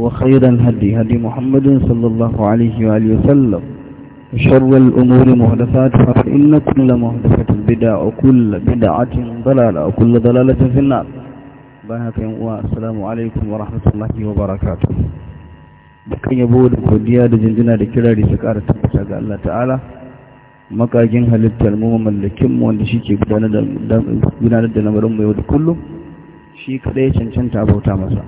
وخير الهدي هدي محمد صلى الله عليه وآله وسلم وشر الأمور محدثاتها فإن كل محدثة بدعة وكل بدعة ضلالة وكل ضلالة في النار بارك السلام عليكم ورحمة الله وبركاته dukkan yabo da godiya da jinjina da kirari su ta tabbata ga Allah ta'ala makagin halittar mu mallakin mu wanda shike gudanar da gudanar da lamarin mu yau da kullum shi kadai cancanta bauta masa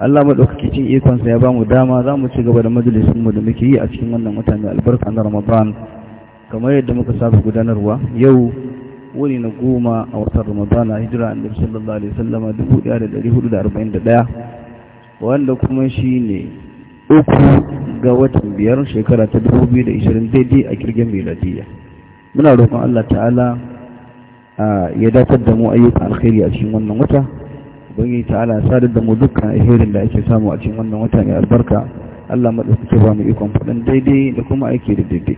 Allah cin ikonsa ya ba mu dama za mu ci gaba da majalisun mu da muke yi a cikin wannan mutane mai albarka na Ramadan kamar yadda muka saba gudanarwa yau wani na goma a watan Ramadan a hijira annabi sallallahu alaihi wasallam 1441 wanda kuma shi ne uku ga watan biyar shekara ta 2020 daidai a kirgin miladiya muna roƙon Allah ta'ala ya datar da mu ayyukan alkhairi a cikin wannan wata ubangi ta'ala sadar da mu dukkan alherin da ake samu a cikin wannan wata ne albarka Allah madaukake ba mu ikon faɗin daidai da kuma aiki da daidai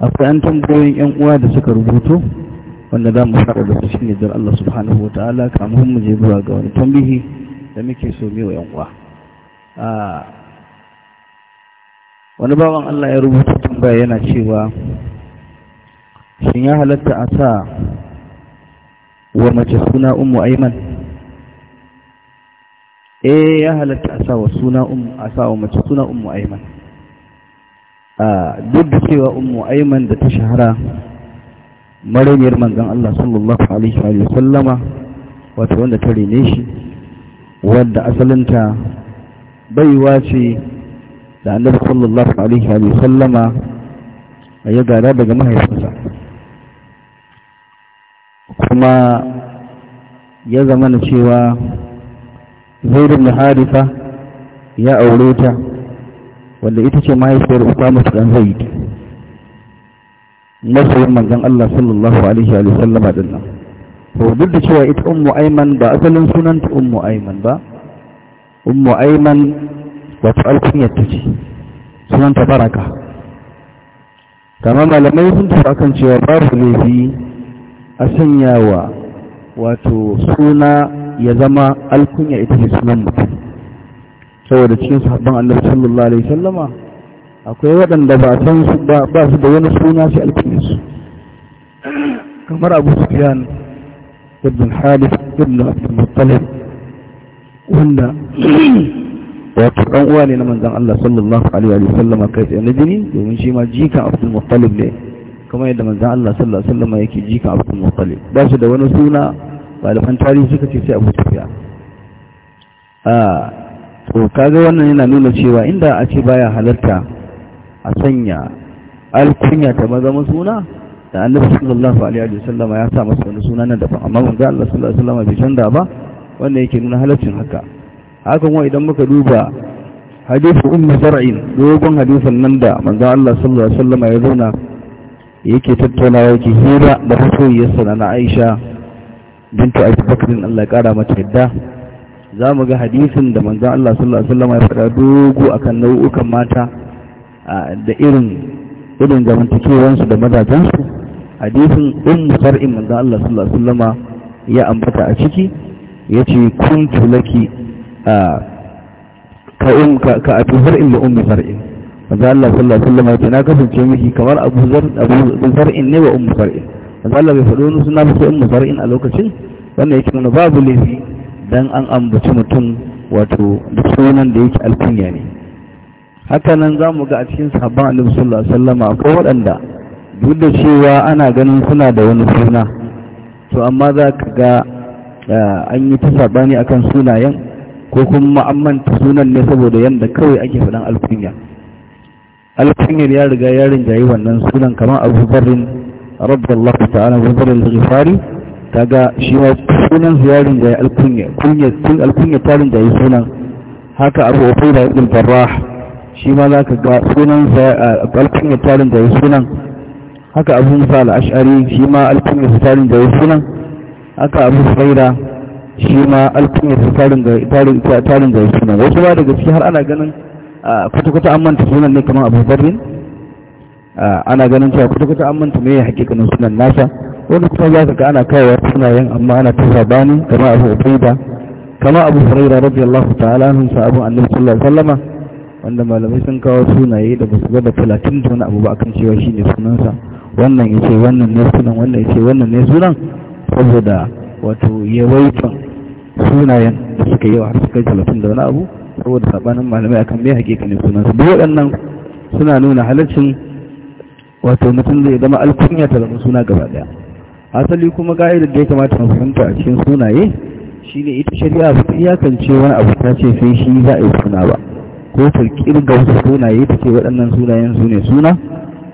akwai an tambayoyin yan uwa da suka rubuto wanda za mu fara da su shine dan Allah subhanahu wataala kamun mu je zuwa ga wani tambihi da muke so mu wa yan uwa wani bawan Allah ya rubuta tambaya yana cewa shin ya halatta a sa wa mace suna ummu aiman eh ya halatta a sawa suna ummu a sawa mace suna ummu aiman a duk da cewa ummu aiman da ta shahara mariniyar manzon Allah sallallahu alaihi wa sallama wato wanda ta rene shi wadda asalinta baiwa ce da annabi sallallahu alaihi wa sallama ya gada daga mahaifinsa kuma ya zama na cewa zaidun da harifa ya aure ta wanda ita ce mahaifiyar usamu dan zaid masoyin manzon Allah sallallahu alaihi wa sallama din nan to duk da cewa ita ummu ayman ba asalin sunanta ummu ayman ba ummu ayman wato alkunyar ta ce sunanta baraka kamar malamai sun tafi kan cewa babu laifi a sanya wa. wato suna ya zama alkunya ita ce sunan mutum saboda cikin sahabban annabi sallallahu alaihi sallama akwai waɗanda ba san su ba su da wani suna sai su kamar abu sufyan ibn halif ibn abdul muttalib wanda wato ɗan uwa ne na manzan Allah sallallahu alaihi wa sallama kai tsaye na jini domin shi ma jikan abdul muttalib ne kamar yadda manzan Allah sallallahu alaihi wasallam yake jika Abdul Muttalib ba su da wani suna malaman tarihi suka ce sai Abu tafiya ah to kaga wannan yana nuna cewa inda a ce baya halarta a sanya alkunya ta maza suna da annabi sallallahu alaihi wasallam ya sa masa wani suna na daban amma manzo Allah sallallahu alaihi wasallam bai canza ba wanda yake nuna halaccin haka haka kuma idan muka duba hadithu ummu zar'in dogon hadisin nan da manzo Allah sallallahu alaihi wasallam ya zauna yake tattaunawa yake hira da masoyiyarsa na Aisha bintu Abu Bakr Allah ya kara mata yadda za mu ga hadisin da manzon Allah sallallahu alaihi wasallam ya faɗa dogo akan nau'ukan mata da irin irin zamantakewansu da mazajensu hadisin ummu sar'in manzon Allah sallallahu alaihi wasallam ya ambata a ciki yace kuntu laki ka um ka abu sar'in li ummi sar'in maza Allah sallallahu alaihi wasallam ya ce na kasance miki kamar Abu Zar Abu Zar'in ne wa Ummu Zar'in maza Allah bai faɗo wani suna ba sai Ummu Zar'in a lokacin wannan yake nuna babu laifi dan an ambaci mutum wato da sunan da yake alkunya ne haka nan za mu ga a cikin sabon annabi sallallahu alaihi wasallam akwai waɗanda duk da cewa ana ganin suna da wani suna to amma za ka ga an yi ta sabani akan sunayen ko kuma an manta sunan ne saboda yadda kawai ake faɗan alkunya alkunyar ya riga ya rinjaye wannan sunan kamar abu barin ta ala abu barin al-ghifari kaga shi ma sunan ya rinjaye alkunya tun alkunya ta rinjaye sunan haka abu da ibn barrah shi ma ka ga sunan alkunya ta rinjaye sunan haka abu musa al'ashari shi ma su ta rinjaye sunan haka abu huraira shi ma su ta rinjaye sunan wasu ba daga ciki har ana ganin Ah, kwata-kwata an manta sunan ne kamar abu al-zarin ah, ana ganin cewa kwata-kwata an manta mai hakikanin sunan nasa wani kuma za ka ga ana kaiwa sunayen amma ana ta bani kamar abu ubaida kamar abu faraira radiyallahu ta'ala nun sa abu annabi sallallahu alaihi wasallama wanda malamai sun kawo sunaye da basu ga da talatin da wani abu ba akan cewa shine sunansa wannan ya ce wannan ne sunan wannan ya ce wannan ne sunan saboda wato yawaitan sunayen da suka yi wa har suka yi talatin da wani abu saboda sabanin malamai akan mai hakikanin sunan su waɗannan suna nuna halaccin wato mutum zai zama alkunya ta zama suna gaba daya asali kuma ga'idar da ya kamata mu fahimta a cikin sunaye shine ita shari'a ba ta iyakance wani abu ta ce sai shi za a yi suna ba ko ta kirga wasu sunaye ta ce waɗannan sunayen su ne suna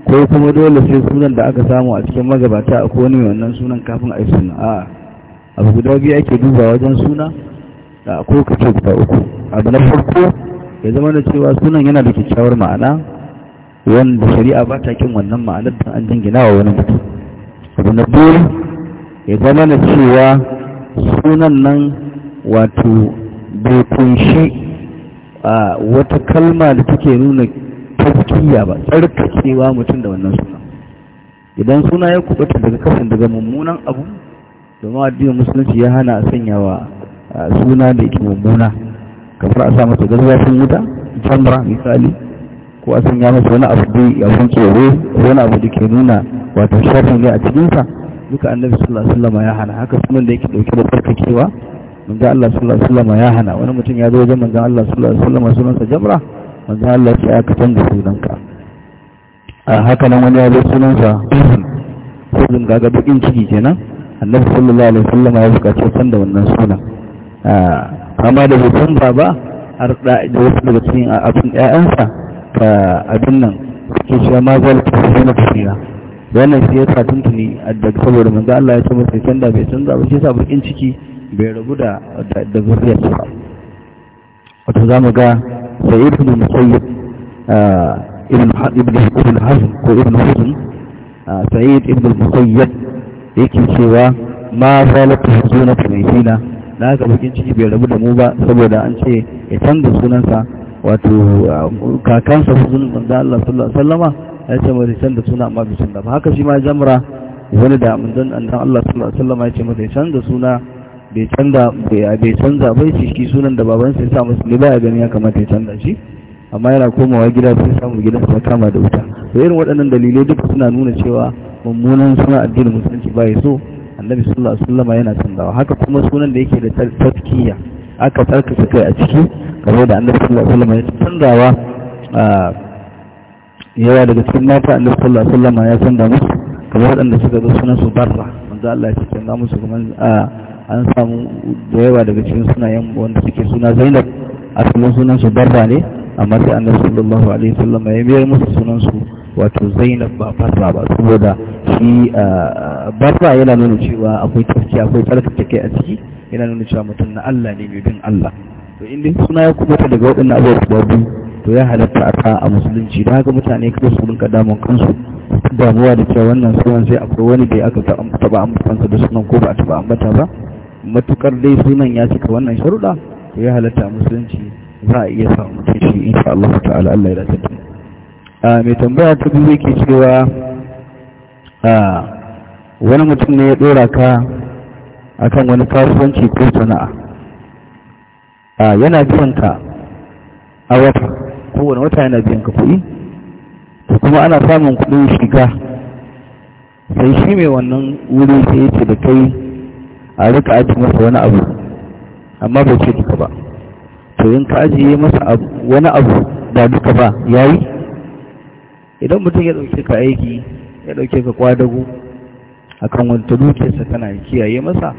ko kuma dole sai sunan da aka samu a cikin magabata a kowane wannan sunan kafin a yi suna a abu guda biyu ake duba wajen suna ko ka ce guda uku abu na farko ya zama da cewa sunan yana da kyakkyawar ma'ana wanda shari'a ba ta kin wannan ma'anar da an jingina wa wani mutum abu na biyu ya zama da cewa sunan nan wato bai kunshi a wata kalma da take nuna tafkiya ba tsarkakewa mutum da wannan sunan idan suna ya kubuta daga kafin daga mummunan abu domin addinin musulunci ya hana a sanyawa suna da yake mummuna kamar a sa masa gazafin wuta jamra misali ko a sanya masa wani abu da abun tsoro wani abu da ke nuna wato shafin ne a cikinsa duka annabi sallallahu alaihi wasallam ya hana haka sunan da yake dauke da tsarkakewa manzo Allah sallallahu alaihi wasallam ya hana wani mutum ya zo wajen manzo Allah sallallahu alaihi wasallam sunansa jamra manzo Allah ya ce ka canza sunanka a haka nan wani ya zo sunansa sai zunga ga bakin ciki kenan annabi sallallahu alaihi wasallam ya buƙaci canza wannan sunan Ah, amma da hoton baba har da wasu daga cikin abin ƴaƴansa ta abin nan suke shiga ma zal ta fi na da wannan shi ya sa tuntuni daga saboda manzo Allah ya ce masa kan da bai canza ba shi yasa bakin ciki bai rabu da da zuriyar ba wato mu ga sayyid ibn musayyib ah, ibn ibn ibn hazm ko ibn hazm ah, sayyid ibn musayyib yake cewa ma zalatu huzuna tunaisina da haka bakin ciki bai rabu da mu ba saboda an ce ya canza sunansa wato uh, kakansa sunan manzo Allah sallallahu alaihi wasallama ya ce mai canza suna amma bai canza ba haka shi ma jamra wani da manzon Allah sallallahu alaihi wasallama ya ce mai canza suna bai canza bai canza bai ci shi sunan da babansa ya sa masa ne ba ya gani ya kamata ya canza shi amma yana komawa gida sai samu gidan sa kama da wuta to irin waɗannan dalilai duka suna nuna cewa mummunan suna addinin musulunci ba ya so annabi sallallahu alaihi wasallam yana sandawa haka kuma sunan da yake da tafkiya aka su kai a ciki kamar da annabi sallallahu alaihi wasallam ya a yawa daga cikin mata annabi sallallahu alaihi wasallam ya sanda musu kamar waɗanda suka zo sunan su barra manzo Allah ya ce sanda musu a an samu da yawa daga cikin sunayen wanda suke suna Zainab asalin sunan su barra ne amma sai annabi sallallahu alaihi wasallam ya biyar musu sunan su wato zainab ba farra ba saboda shi barra yana nuna cewa akwai tafki akwai tsarkake take a ciki yana nuna cewa mutum na Allah ne mai bin Allah to inda suna ya kubuta daga waɗannan abubuwa biyu to ya halatta a ta a musulunci da haka mutane kada su rinka damun kansu damuwa da cewa wannan sunan sai akwai wani da aka taɓa ambatansa da sunan ko ba a taɓa ambata ba matukar dai sunan ya cika wannan sharuɗa to ya halatta a musulunci za a iya samun mutum shi insha Allah ta'ala Allah ya dace Ah, mai tambaya ta biyu yake cewa ah, wani mutum ne ya dora ka a kan wani kasuwanci ko sana'a ah, yana biyan ka a wata kowane wata yana biyan ka kuɗi kuma ana samun kuɗin shiga sai shi mai wannan wuri sai yake da kai a rika aji masa wani abu amma bai ce duka ba to in ka ajiye masa wani abu ba duka ba yayi idan mutum ya ɗauke ka aiki ya ɗauke ka kwadago kan wanta dukiyarsa tana kiyaye masa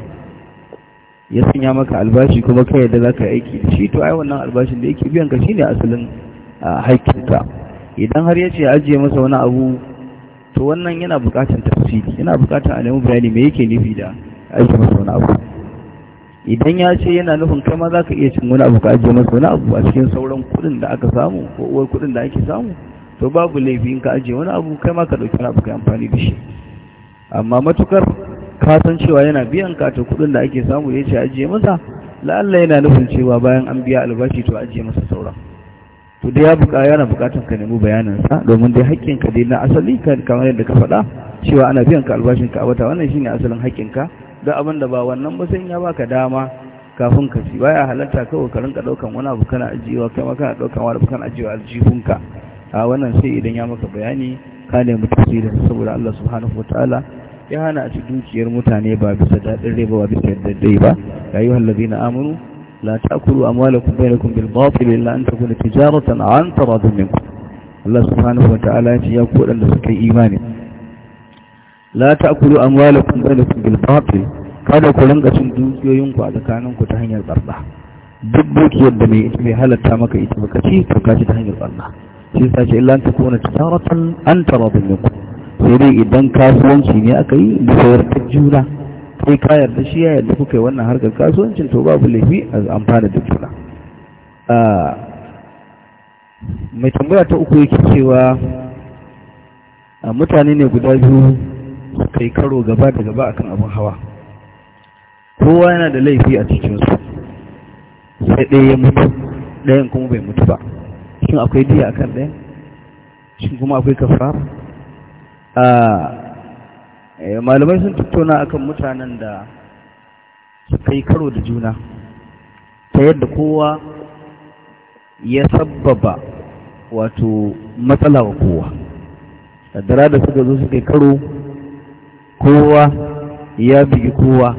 ya sanya maka albashi kuma kai yadda za ka aiki da shi to ai wannan albashin da yake biyan ka shine asalin haƙƙinka idan har ya ce ajiye masa wani abu to wannan yana buƙatar tafsiri yana buƙatar a nemi bayani me yake nufi da ajiye masa wani abu idan ya ce yana nufin kai ma za ka iya cin wani abu ka ajiye masa wani abu a cikin sauran kuɗin da aka samu ko uwar kuɗin da ake samu to babu laifin ka ajiye wani abu kai ma ka dauki abu kai amfani da shi amma matukar ka san cewa yana biyan ka to kudin da ake samu yace ajiye masa la'alla yana nufin cewa bayan an biya albashi to ajiye masa sauran to dai ya buƙa yana buƙatar ka nemi bayanin sa domin dai haƙƙin ka dai na asali ka kamar yadda ka faɗa cewa ana biyan ka albashin ka a wata wannan shine asalin haƙƙin ka da abin da ba wannan ba sai ya baka dama kafin ka ci baya halatta kawai ka rinka daukan wani abu kana ajiyewa kai ma kana daukan wani abu kana ajiyewa aljihunka a wannan sai idan ya maka bayani ka nemi tafsirin saboda Allah subhanahu ta'ala ya hana a ci dukiyar mutane ba bisa daɗin rai ba ba bisa daddai ba ya yi hallabi na amuru la ta'kulu amwalakum bainakum bil batil illa an takuna tijaratan an taradun ku Allah subhanahu ta'ala ya ce ya kuɗa da suka yi imani la ta'kulu amwalakum bainakum bil batil kada ku rinka cin dukiyoyin ku a tsakanin ku ta hanyar barba duk dukiyar da mai halatta maka ita baka ci to ka ci ta hanyar barba shi sa ce illa ta kuna tijaratan an taradun minkum sai dai idan kasuwanci ne aka yi da sayar ta juna kai ka yarda shi ya yarda kuka yi wannan harkar kasuwancin to babu laifi a amfana da juna ah, mai tambaya ta uku yake cewa ah, mutane ne guda biyu suka yi karo gaba da gaba akan abin hawa kowa yana da laifi a cikinsu sai ɗaya ya mutu ɗayan kuma bai mutu ba shin akwai diya a kan ɗaya shin kuma akwai kafar a eh, malamai sun tattauna akan mutanen da suka yi karo da juna ta yadda kowa ya sabbaba wato matsala wa kowa dara da suka zo suka karo kowa ya bigi kowa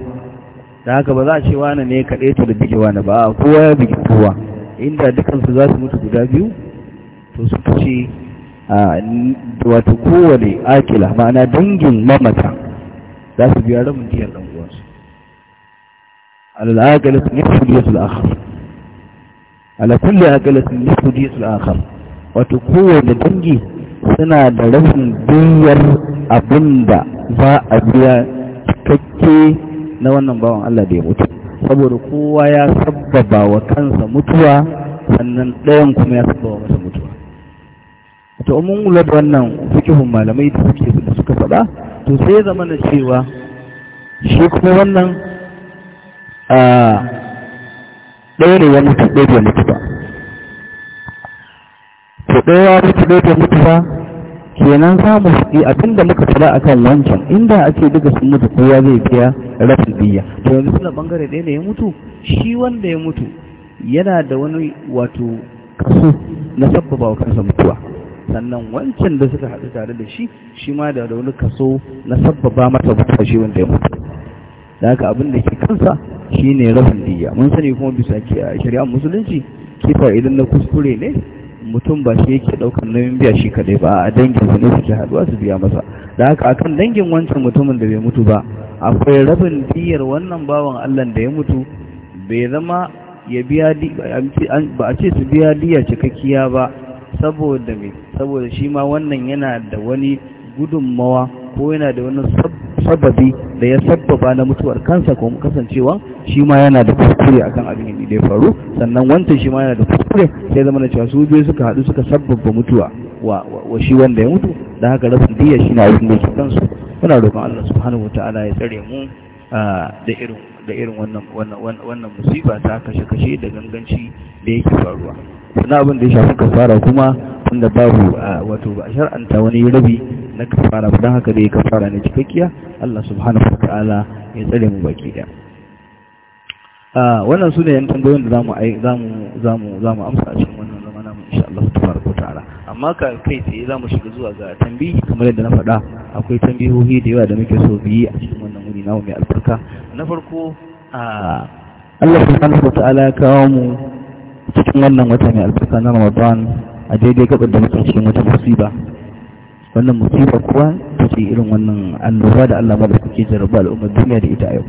da haka ba za a ce na ne kaɗai ta da bigi wani ba kowa ya bigi kowa inda dukansu za su mutu guda biyu to suka ce wato kowane akila ma'ana dangin mamata za su biya rabin diyar ɗanguwarsu al'agalatun ya su diyatul sul'akar alakulli agalatun ya su diyatul sul'akar wato kowane dangi suna da ramin diyar abinda za a biya cikakke na wannan bawan Allah da ya mutu saboda kowa ya sabbaba wa kansa mutuwa sannan ɗayan kuma ya sabbaba masa mutuwa to mun lura da wannan fikihun malamai da suke da suka faɗa to sai ya zama na cewa shi kuma wannan a ɗaya ne ya mutu ɗaya bai mutu ba to ɗaya ya mutu ɗaya bai mutu ba kenan za mu fi abin da muka tara akan wancan inda a ce duka sun mutu kowa zai biya rafin biya to yanzu suna bangare ɗaya ne ya mutu shi wanda ya mutu yana da wani wato kaso na sabbaba wa kansa mutuwa sannan wancan da suka haɗu tare da shi shi ma da wani kaso na sabbaba masa shi wanda ya mutu da haka abin da ke kansa shi ne rahun diya mun sani kuma bisa a shari'ar musulunci kifa idan na kuskure ne mutum ba shi yake ɗaukar nauyin biya shi kaɗai ba a dangin su ne suke haɗuwa su biya masa da haka akan dangin wancan mutumin da bai mutu ba akwai rabin diyar wannan bawan allah da ya mutu bai zama ya biya ba a ce su biya diya cikakkiya ba saboda mai saboda shi ma wannan yana da wani gudunmawa ko yana da wani sababi da ya sababa na mutuwar kansa ko kasancewa shi ma yana da kuskure akan abin da ya faru sannan wancan shi ma yana da kuskure sai zama da cewa su biyu suka haɗu suka sababa mutuwa wa shi wanda ya mutu da haka rasu diya shi na abin da ke kansu muna roƙon Allah subhanahu wataala ya tsare mu da irin wannan wannan wannan musiba ta kashe-kashe da ganganci da yake faruwa suna abin da ya shafi kafara kuma tunda babu wato ba shar'anta wani rabi na kafara ba don haka dai kafara na cikakkiya Allah subhanahu wa ta'ala ya tsare mu baki da wannan su ne yan tambayoyin da za mu amsa a cikin wannan zama namu insha Allah tabaraka wa ta'ala amma ka kai tsaye mu shiga zuwa ga tambihi kamar yadda na faɗa akwai tambihohi da yawa da muke so biyi a cikin wannan wuri namu mai albarka na farko Allah subhanahu wa ta'ala ya kawo mu cikin wannan wata mai albarka na ramadan a daidai gabar da muke cikin wata musiba wannan musiba kuwa ta ce irin wannan annoba da Allah kake jarraba al'ummar duniya da ita a yau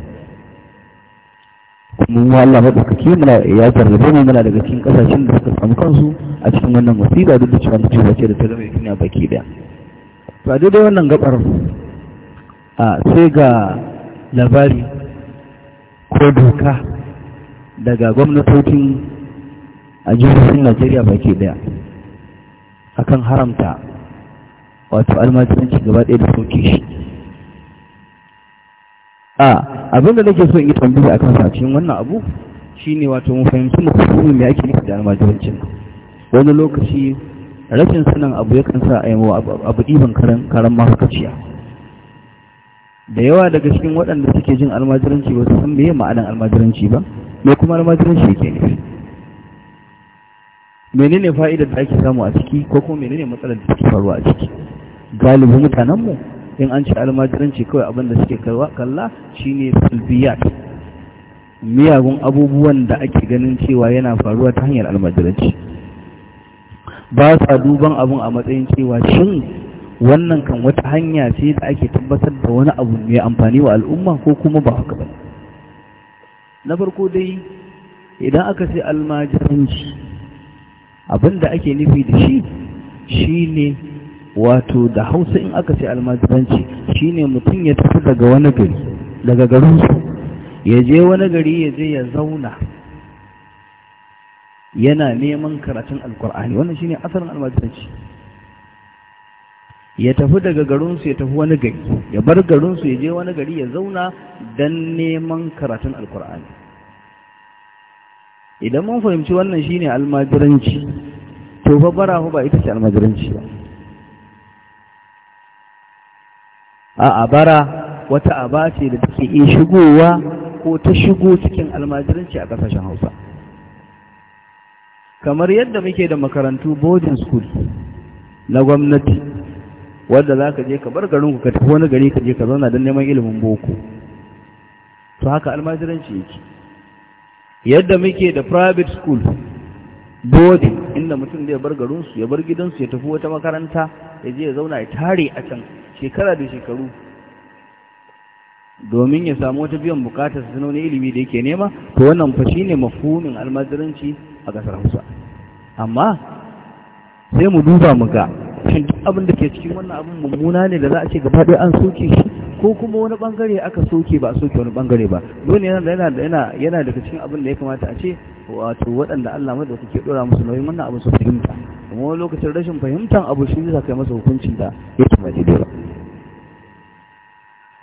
kuma mu Allah kake muna ya jarrabe mu muna daga cikin kasashen da suka samu kansu a cikin wannan musiba duk da cewa musiba ce da ta zama duniya baki daya to a daidai wannan gabar a sai ga labari ko doka daga gwamnatocin a jihohin najeriya baki daya akan haramta wato almajiranci gaba ɗaya da sauke shi a abinda nake so in yi tambaya akan sacin wannan abu shine wato mu fahimci mu kuma mai ake nufi da almajirancin wani lokaci rashin sanin abu yakan sa a yi abu ɗiban karan mahaukaciya da yawa daga cikin waɗanda suke jin almajiranci ba su san meye ma'anar almajiranci ba me kuma almajiranci yake nufi menene fa'idar da ake samu a ciki ko kuma menene matsalar da suke faruwa a ciki galibin mutanenmu in an ce almajiranci kawai abin da suke kalla shi ne sulfiyat miyagun abubuwan da ake ganin cewa yana faruwa ta hanyar almajiranci ba sa duban abin a matsayin cewa shin wannan kan wata hanya ce da ake tabbatar da wani abu mai amfani wa al'umma ko kuma ba haka ba na farko dai idan aka ce almajiranci Abin da ake nufi da shi shi ne wato da hausa in aka ce almajiranci ne mutum ya tafi daga wani gari daga garinsu ya je wani gari ya je ya zauna yana neman karatun alkur'ani wannan shi ne asalin almajiranci ya tafi daga garinsu ya tafi wani gari ya bar garinsu ya je wani gari ya zauna don neman karatun alkur'ani idan mun fahimci wannan shine almajiranci to fa bara ba ita ce almajiranci ba a abara wata aba ce da take iya shigowa ko ta shigo cikin almajiranci a kasashen hausa kamar yadda muke da makarantu boarding school na gwamnati wadda za ka je ka bar garinku ka tafi wani gari ka je ka zauna don neman ilimin boko to haka almajiranci yake yadda muke da private school boarding inda mutum zai bar garinsu ya bar gidansu ya tafi wata makaranta ya je ya zauna ya tare a can shekara da shekaru domin ya samu wata biyan bukatar sanoni ilimi da yake nema to wannan fa shine mafhumin almajiranci a kasar Hausa amma sai mu duba mu ga shin duk abin da ke cikin wannan abin mummuna ne da za a ce gaba ɗaya an soke shi ko kuma wani bangare aka soke ba a soke wani bangare ba dole yana yana yana yana daga cikin abin da ya kamata a ce wato waɗanda Allah mai da kuke dora musu nauyin wannan abin su fahimta kuma wani lokacin rashin fahimtar abu shi zai kai masa hukuncin da ya tuma daidai ba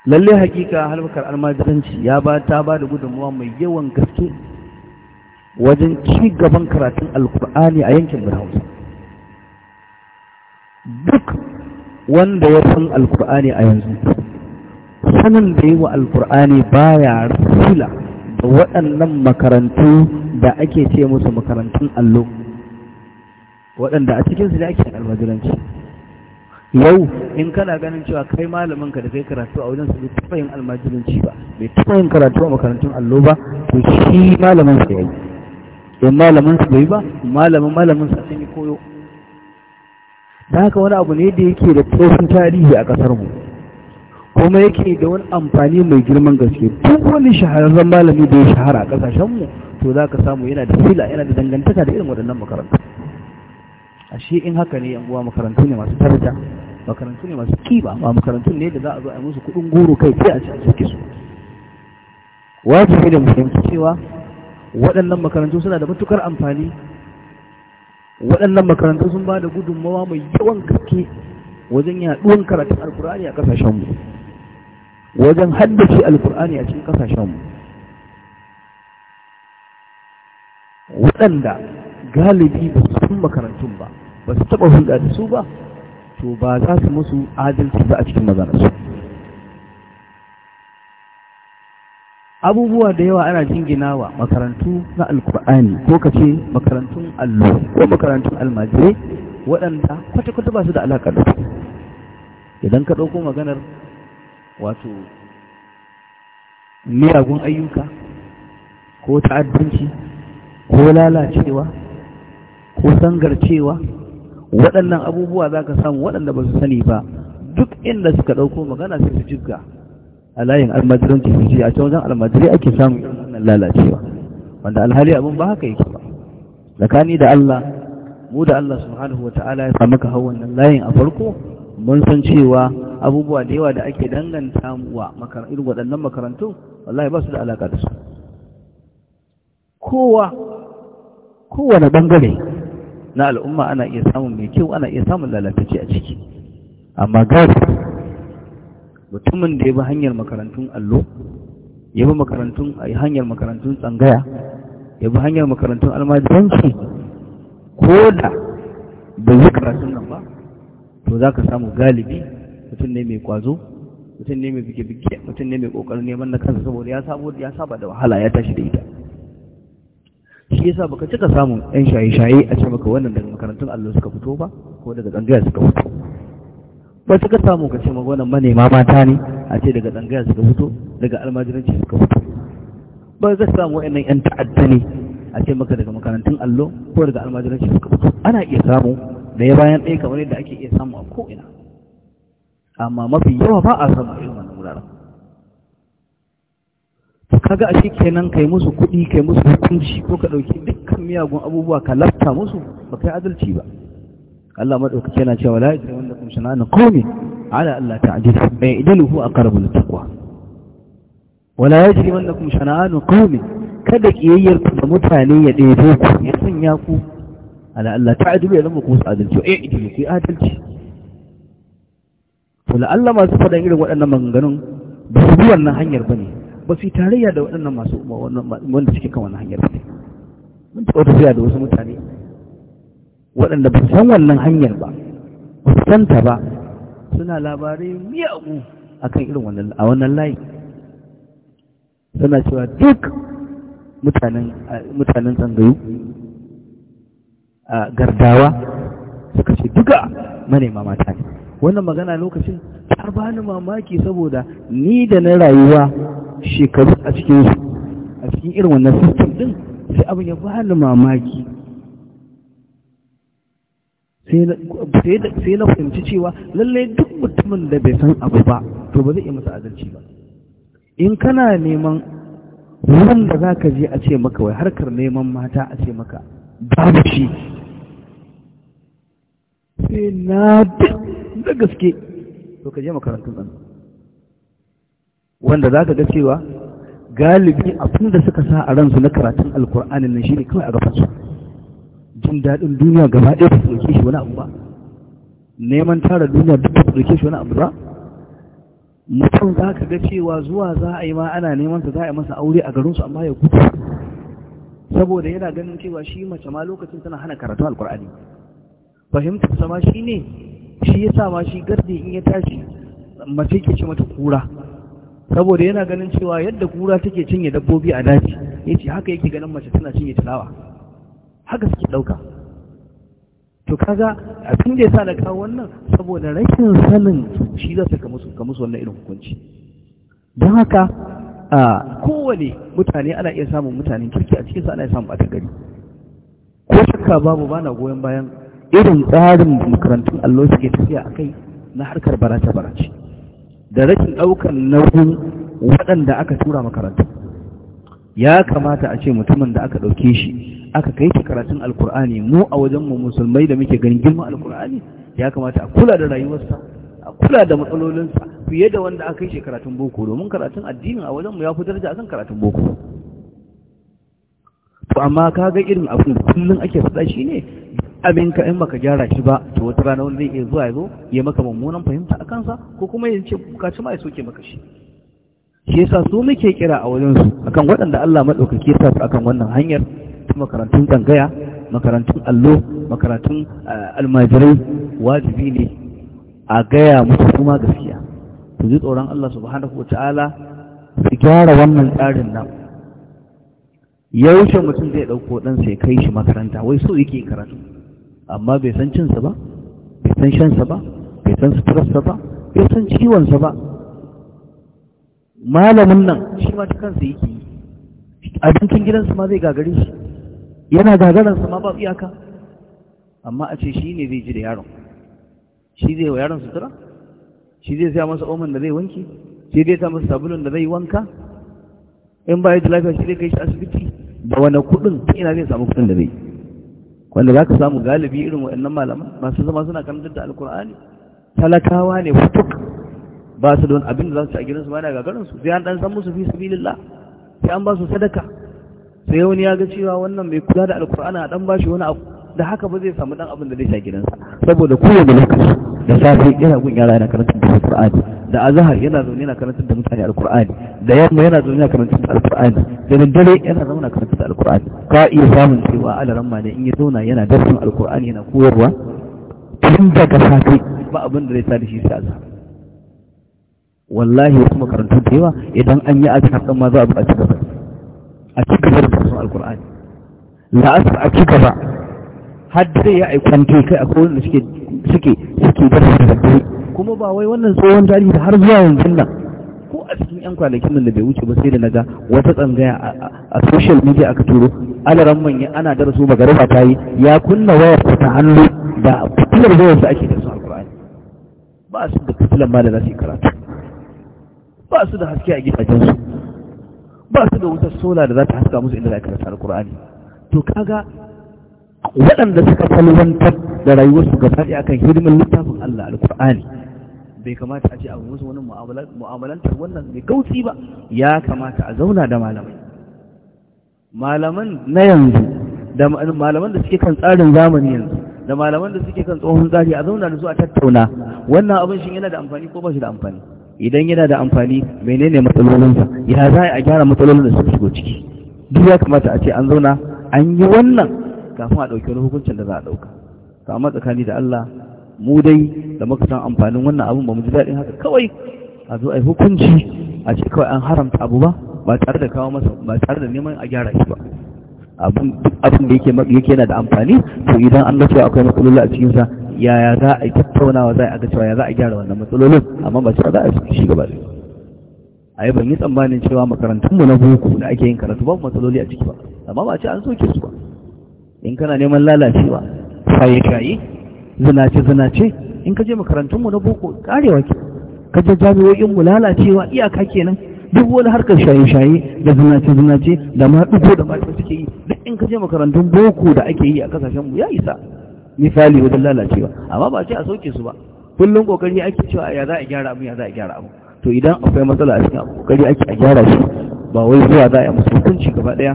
lalle hakika halbakar almajiranci ya ba ta ba da gudunmuwa mai yawan gaske wajen ci gaban karatun alkur'ani a yankin birnin duk wanda ya san alkur'ani a yanzu sanin da yi wa alkur'ani baya rasula da waɗannan makarantu da ake ce musu makarantun allo waɗanda a cikinsu da ake almajiranci yau in kana ganin cewa kai malamin ka da kai karatu a wajen su bai taɓa yin almajiranci ba bai taɓa yin karatu a makarantun allo ba to shi malamin sa yayi in malamin sa bai ba malamin malamin sa sun yi koyo da haka wani abu ne da yake da tsofin tarihi a kasar mu kuma yake da wani amfani mai girman gaske duk wani shahararren malami da ya shahara a kasashen mu to za ka samu yana da fila yana da dangantaka da irin waɗannan makarantu ashe in haka ne yan uwa makarantu ne masu tarja makarantu ne masu kiba ba makarantu ne da za a zo a yi musu kuɗin goro kai sai a ci a ciki su wajibi da mu fahimci cewa waɗannan makarantu suna da matukar amfani waɗannan makarantu sun ba da gudunmawa mai yawan gaske wajen yaɗuwan karatun alkur'ani a ƙasashenmu wajen haddace alkur'ani a cikin ƙasashenmu waɗanda galibi ba su sun makarantun ba ba su taɓa hulɗa da su ba to ba za su musu adalci ba a cikin maganarsu abubuwa da yawa ana jinginawa makarantu na alkur'ani ko ka ce makarantun allo ko makarantun almajirai waɗanda kwata-kwata ba su da alaƙa da su idan ka ɗauko maganar wato miyagun ayyuka ko ta'addanci ko lalacewa ko sangarcewa waɗannan abubuwa za ka samu waɗanda ba su sani ba duk inda suka ɗauko magana sai su jigga. a layin almajiranci su ce a can wajen almajirai ake samun wannan lalacewa wanda alhali abin ba haka yake ba tsakani da Allah mu da Allah subhanahu wa ta'ala ya samu ka hau wannan layin a farko mun san cewa abubuwa da yawa da ake danganta wa irin waɗannan makarantu wallahi ba su da alaƙa da su kowa kowane bangare na al'umma ana iya samun mai kyau ana iya samun lalatacci a ciki amma gari mutumin da ya bi hanyar makarantun allo ya bi makarantun hanyar makarantun tsangaya ya bi hanyar makarantun almajiranci ko da da yi karatun nan ba to za ka samu galibi mutum ne mai kwazo mutum ne mai bike-bike mutum ne mai kokarin neman na kansa saboda ya saba da wahala ya tashi da ita shi yasa baka cika samun yan shaye-shaye a ce maka wannan daga makarantun allo suka fito ba ko daga tsangaya suka fito wacce ka samu ka ce magwanan manema mata ne a ce daga tsangaya suka fito daga almajiranci suka fito ba ka samu wa'annan 'yan ta'adda ne a ce maka daga makarantun allo ko daga almajiranci suka fito ana iya samu da ya bayan ɗaya kamar yadda ake iya samu a ko'ina amma mafi yawa ba a samu irin wannan wuraren kaga ashe kenan kai musu kuɗi kai musu hukunci ko ka ɗauki dukkan miyagun abubuwa ka lafta musu ba kai adalci ba Allah madaukaki yana cewa la yajri wanda kun shana'an qawmi ala Allah ta'dil bai idaluhu aqrabu littaqwa wala yajri wanda kun na qawmi kada kiyayyar da mutane ya ɗebo ku ya sanya ku ala Allah ta'dilu ya zama ku adalci eh idalu ku adalci to la Allah masu faɗan irin waɗannan maganganun ba su bi wannan hanyar bane ba su yi tarayya da waɗannan masu wanda suke kan wannan hanyar bane mun taɓa tafiya da wasu mutane waɗanda ba san wannan hanyar ba ba su santa ba suna labarai miyagu kan irin wannan a wannan layi suna cewa duk mutanen tsangayu a gardawa suka ce duka manema mata ne wannan magana lokacin ta bani mamaki saboda ni da na rayuwa shekaru a cikin a cikin irin wannan sistem din sai abin ya bani mamaki sai na fahimci cewa lallai duk mutumin da bai san abu ba to ba zai yi masa adalci ba in kana neman wurin da za ka je a ce maka wai harkar neman mata a ce maka babu shi sai na da gaske to ka je makarantun ɗan wanda za ka ga cewa galibi abin da suka sa a ransu na karatun alkur'anin nan shi ne kawai a gafansu jin daɗin duniya gaba ɗaya ta su ɗauke shi wani abu ba neman tara duniya duk ta su ɗauke shi wani abu ba mutum za ka ga cewa zuwa za a yi ma ana neman sa za a yi masa aure a garinsu amma ya gudu saboda yana ganin cewa shi mace ma lokacin tana hana karatu alkur'ani fahimtar sama shi ne shi ya sa ma shi gardi in ya tashi mace ke ce mata kura saboda yana ganin cewa yadda kura take cinye dabbobi a daji yace haka yake ganin mace tana cinye talawa. haka suke ɗauka to kaga abin da ya sa na kawo wannan saboda rashin sanin shi za su ka musu wannan irin hukunci don haka a kowane mutane ana iya samun mutanen kirki a sa ana iya samun ɓata gari ko shakka babu ba na goyon bayan irin tsarin makarantun allo suke tafiya a kai na harkar barace-barace da rashin ɗaukar nauyin waɗanda aka tura makarantun. ya kamata a ce mutumin da aka ɗauke shi aka kai ta karatun alkur'ani mu a wajenmu musulmai da muke ganin girman alkur'ani ya kamata a kula da rayuwarsa a kula da matsalolinsa fiye da wanda aka kai shi karatun boko domin karatun addinin a wajenmu ya fi daraja kan karatun boko to amma ka ga irin abin kullum ake faɗa shi ne abin ka in baka gyara shi ba to wata rana wani zai iya zuwa ya zo ya maka mummunan fahimta a kansa ko kuma ya ce bukaci ma ya soke maka shi shi yasa su muke kira a wajen su akan waɗanda Allah madaukake ta su akan wannan hanyar ta makarantun tsangaya makarantun allo makarantun eh, almajirai wajibi ne a gaya musu kuma gaskiya su ji tsoron Allah subhanahu wa ta'ala su gyara wannan tsarin nan yaushe mutum zai ɗauko ɗansa ya kai shi makaranta wai so yake karatu amma bai san cinsa ba bai san shansa ba bai san suturarsa ba bai san ciwonsa ba malamin nan shi ma kansa yake yi abincin gidansu ma zai gagare shi yana gagaransa ma ba iyaka amma a ce shi ne zai ji da yaron shi zai wa yaron sutura shi zai sa masa omen da zai wanki shi zai sa masa sabulun da zai wanka in ba ya ji lafiya shi zai kai shi asibiti da wani kuɗin ina zai samu kuɗin da zai wanda za ka samu galibi irin waɗannan malaman masu zama suna karantar da alkur'ani talakawa ne futuk ba su don abin da za su ci a gidansu ba da gagarin sai an dan san musu fi sabilillah sai an ba su sadaka sai wani ya ga cewa wannan mai kula da alkur'ana a dan bashi wani abu da haka ba zai samu dan abin da zai sha gidansa saboda kowane lokaci da safe yana gun yara yana karantar da alkur'ani da azhar yana zaune yana karantar da mutane alkur'ani da yamma yana zaune yana karantar da alkur'ani da daddare yana yana karantar da alkur'ani ka iya samun cewa alaran ma ne in ya zauna yana darsin alkur'ani yana koyarwa tun daga safe ba abin da zai sa da shi sai azhar wallahi wasu makarantu da yawa idan an yi azkar ɗan ma za a bi a ci gaba a ci gaba da sun alkur'ani la'asar a ci gaba har zai ya aikwante kai a kowane da suke suke suke da daddare kuma ba wai wannan tsohon tarihi da har zuwa yanzu nan ko a cikin yan kwanakin nan da bai wuce ba sai da naga wata tsangaya a social media aka turo alaran manya ana daraso ba garba ta yi ya kunna wayar ta hannu da fitilar wayar da ake da su alkur'ani ba su da fitilar ma da za su yi karatu ba su da haske a gidajensu ba su da wutar sola da za ta haska musu inda za a karanta alkur'ani to kaga waɗanda suka falwantar da rayuwarsu gaba ɗaya akan hidimin littafin Allah alkur'ani bai kamata a ce a musu wani mu'amalantar wannan mai gautsi ba ya kamata a zauna da malamai malaman na yanzu da malaman da suke kan tsarin zamani yanzu da malaman da suke kan tsohon tsari a zauna da su a tattauna wannan abin shi yana da amfani ko ba shi da amfani idan yana da amfani menene matsalolinsa ya za a gyara matsalolin da suka shigo ciki duk ya kamata a ce an zauna an yi wannan kafin a ɗauki wani hukuncin da za a ɗauka to amma tsakani da Allah mu dai da muka san amfanin wannan abun ba mu ji daɗin haka kawai a zo a yi hukunci a ce kawai an haramta abu ba ba tare da kawo masa ba tare da neman a gyara shi ba abin da yake yake yana da amfani to idan an ga cewa akwai matsaloli a cikin sa yaya za a tattaunawa za a ga cewa ya za a gyara wannan matsalolin amma ba cewa za a shi gaba da a yi ban yi tsammanin cewa makarantunmu na boko da ake yin karatu babu matsaloli a ciki ba amma ba ce an soke su ba in kana neman lalacewa shaye-shaye zinace-zinace in ka je makarantunmu na boko karewa ke ka je jami'o'inmu lalacewa iyaka kenan duk wani harkar shaye-shaye da zinace-zinace da ma dubo da mata suke yi duk in ka je makarantun boko da ake yi a kasashenmu ya isa misali wajen lalacewa amma ba ce a sauke su ba kullum kokari ake cewa ya za a gyara abu ya za a gyara abu to idan akwai matsala a cikin abu kokari ake a gyara shi ba wai zuwa za a yi musu hukunci gaba daya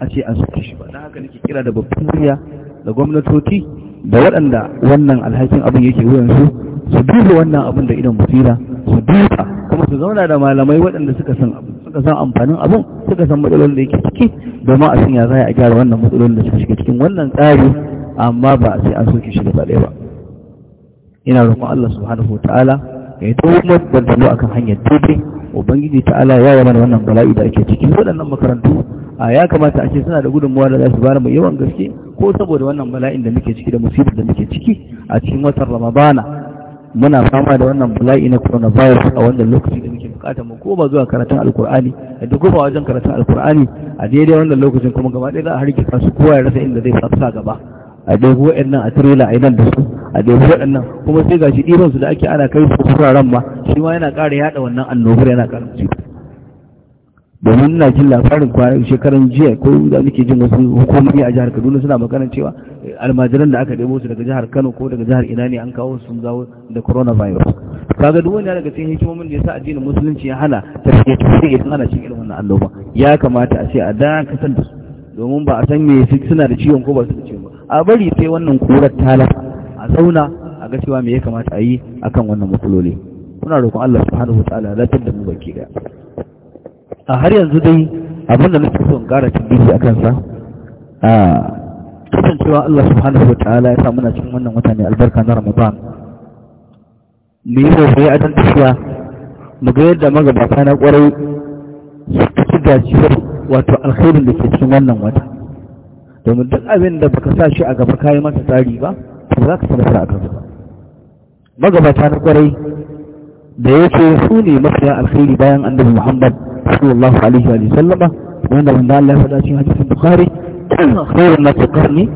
a ce an sauke shi ba dan haka nake kira da babban murya da gwamnatoci da waɗanda wannan alhakin abin yake wuyansu su duba wannan abin da idan basira su duba kuma su zauna da malamai waɗanda suka san suka san amfanin abin suka san matsalolin da yake ciki domin a sanya ya za a gyara wannan matsalolin da suka shiga cikin wannan tsari amma ba sai an soke shi gaba ɗaya ba ina roƙon Allah subhanahu ta'ala ya yi tawumar dandalo akan hanyar daidai ubangiji ta'ala ya yaba da wannan bala'i da ake ciki waɗannan makarantu a ya kamata a ce suna da gudunmuwa da za su bayar mai yawan gaske ko saboda wannan bala'in da muke ciki da musibar da muke ciki a cikin watan ramadana muna fama da wannan bala'i na coronavirus a wannan lokaci da muke bukatar mu ko ba zuwa karatun alkur'ani da duk ba wajen karatun alkur'ani a daidai wannan lokacin kuma gaba ɗaya za a hargitsa su kowa ya rasa inda zai sa gaba a ɗebi waɗannan a tirela a nan da su a ɗebi waɗannan kuma sai gashi ɗiban su da ake ana kai su wuraren ma shi ma yana ƙara yaɗa wannan annobar yana ƙara musu domin ina jin labarin kwanan shekaran jiya ko da muke jin wasu hukumomi a jihar Kaduna suna magana cewa eh, almajiran da aka ɗebo su daga jihar Kano ko daga jihar ina ne an kawo sun zawo da coronavirus kaga duk wani daga cikin hikimomin da yasa addinin musulunci ya hana tafiye tafiye idan ana cikin irin wannan annoba ya kamata a ce a dakatar da su domin ba a san me suna da ciwon ko ba su da ciwon ba a bari sai wannan kurar tala a zauna a ga cewa me ya kamata a yi akan wannan matsaloli Kuna roƙon Allah subhanahu wataala ya da mu baki ga a har yanzu dai abin da nake so in ƙara tabbaci a kansa, a kasancewa Allah subhanahu ala ya sa muna cikin wannan wata ne albarka na Ramadan mu yi roƙo a dan tafiya mu ga yadda magabata na ƙwarai suka ci gajiyar wato alkhairin da ke cikin wannan wata domin duk abin da baka sa shi a gaba kayi masa tsari ba to za ka sanar a gaba magabata na kwarai da ya ce su ne mafiya alkhairi bayan annabi muhammad sallallahu alaihi wa sallama wanda wanda Allah ya faɗa cikin hadisin bukhari khairun nasu qarni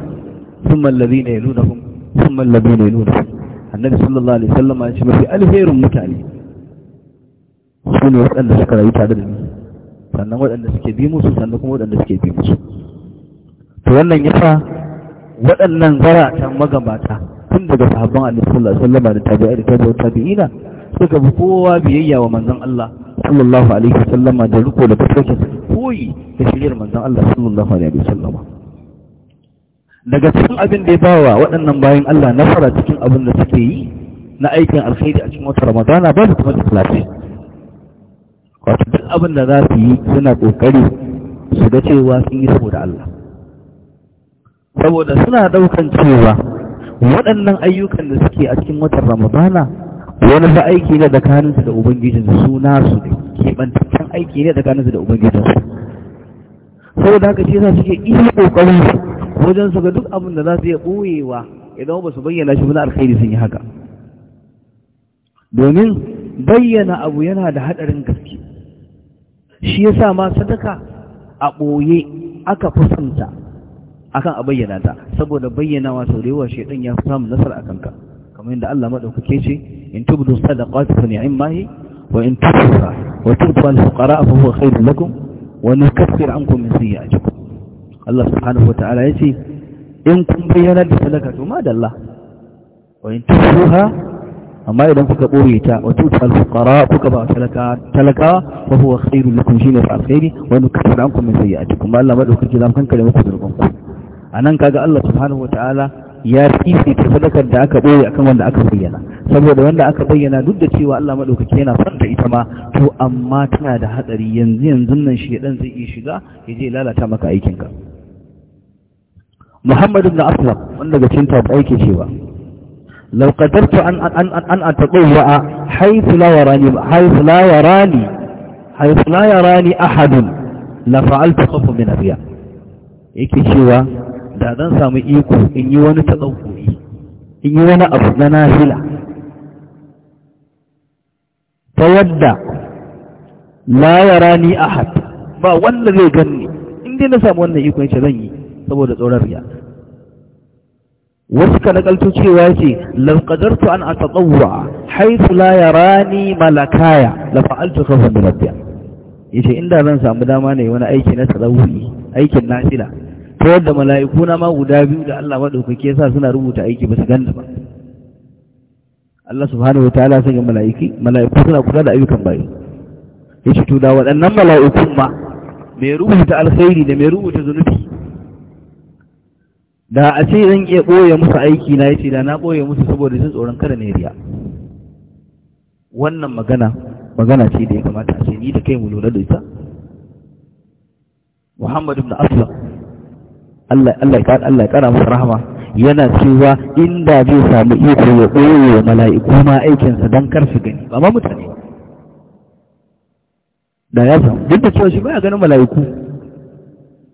thumma alladhina yalunahum thumma alladhina yalunahum annabi sallallahu alaihi wa sallama ya ce mafi alherin mutane su ne waɗanda suka rayu tare da ni sannan waɗanda suke bi musu sannan kuma waɗanda suke bi musu to wannan yasa waɗannan zaratan magabata tun daga sahabban annabi sallallahu alaihi wasallam da tabi'i da tabi'u tabi'ina suka bi kowa biyayya wa manzon Allah sallallahu alaihi wasallama da riko da tafarki koyi da shirin manzon Allah sallallahu alaihi wasallama daga cikin abin da ya bawa waɗannan bayan Allah nasara cikin abin da suke yi na aikin alkhairi a cikin wata Ramadana ba su kuma ikhlasi wato duk abin da za su yi suna kokari su ga cewa sun yi saboda Allah saboda suna ɗaukan cewa waɗannan ayyukan da suke a cikin watan ramadana wani ba aiki ne tsakaninsu da ubangijin su nasu ne keɓantaccen aiki ne tsakaninsu da su saboda haka shi yasa suke iya ƙoƙarin wajen su ga duk abin da za su iya ɓoyewa idan ba su bayyana shi wani alkhairi sun yi haka domin bayyana abu yana da haɗarin gaske shi yasa ma sadaka a ɓoye aka fusanta akan a bayyana ta saboda bayyanawa sau da yawa shaidan ya samu nasara akan ka kamar yadda Allah madaukake ce in tubdu sadaqati fa ni'ma hi wa in tukhfa wa tukhfa al-fuqara fa huwa khairun lakum wa nukaffir ankum min sayyi'atikum Allah subhanahu ta'ala yace in kun bayyana da sadaka to madalla wa in tukhfa amma idan kuka boye ta wa tukhfa al-fuqara kuka ba talaka talaka fa huwa khairun lakum shine fa alkhairi wa nukaffir ankum min sayyi'atikum Allah madaukake zamu kankare muku zurbanku a nan kaga Allah subhanahu wataala ya ta sadakar da aka ɓoye akan wanda aka bayyana saboda wanda aka bayyana duk da cewa Allah maɗaukaki yana son ta ita ma to amma tana da hatsari yanzu yanzu nan shedan zai iya shiga ya je lalata maka aikinka Muhammadu na Aslam wanda daga cikin tabi'ai ke cewa لو an أن, أن, أن a حيث لا يراني حيث لا يراني حيث لا يراني أحد yake cewa da zan samu iko in yi wani tsakoyi in yi wani abu na nahila ta wadda la yara ni ahad ba wanda zai ganni inda na samu wannan iko yace zan yi saboda tsoron riya wasu ka nakalto cewa ce law qadartu a atatawwa haythu la yarani malakaya la fa'altu khawfan min rabbi yace inda zan samu dama ne wani aiki na tsakoyi aikin nahila ta yadda mala'iku na ma guda biyu da Allah maɗaukake sa suna rubuta aiki ba su ganda ba Allah subhanahu wa ta'ala sanya mala'iki mala'iku suna kula da ayyukan bayi ya ce to da waɗannan mala'ikun ma mai rubuta alkhairi da mai rubuta zunubi da a ce zan iya ɓoye musu aiki na yace da na ɓoye musu saboda sun tsoron kada ne riya wannan magana magana ce da ya kamata a ce ni da kai mu lura da ita Muhammadu ibn Aslam Allah ya Allah ya kara masa rahama yana cewa inda zai samu iko ya koyo wa mala'iku ma aikinsa don kar su gani ba ma mutane da ya san duk da cewa shi ba ya ganin mala'iku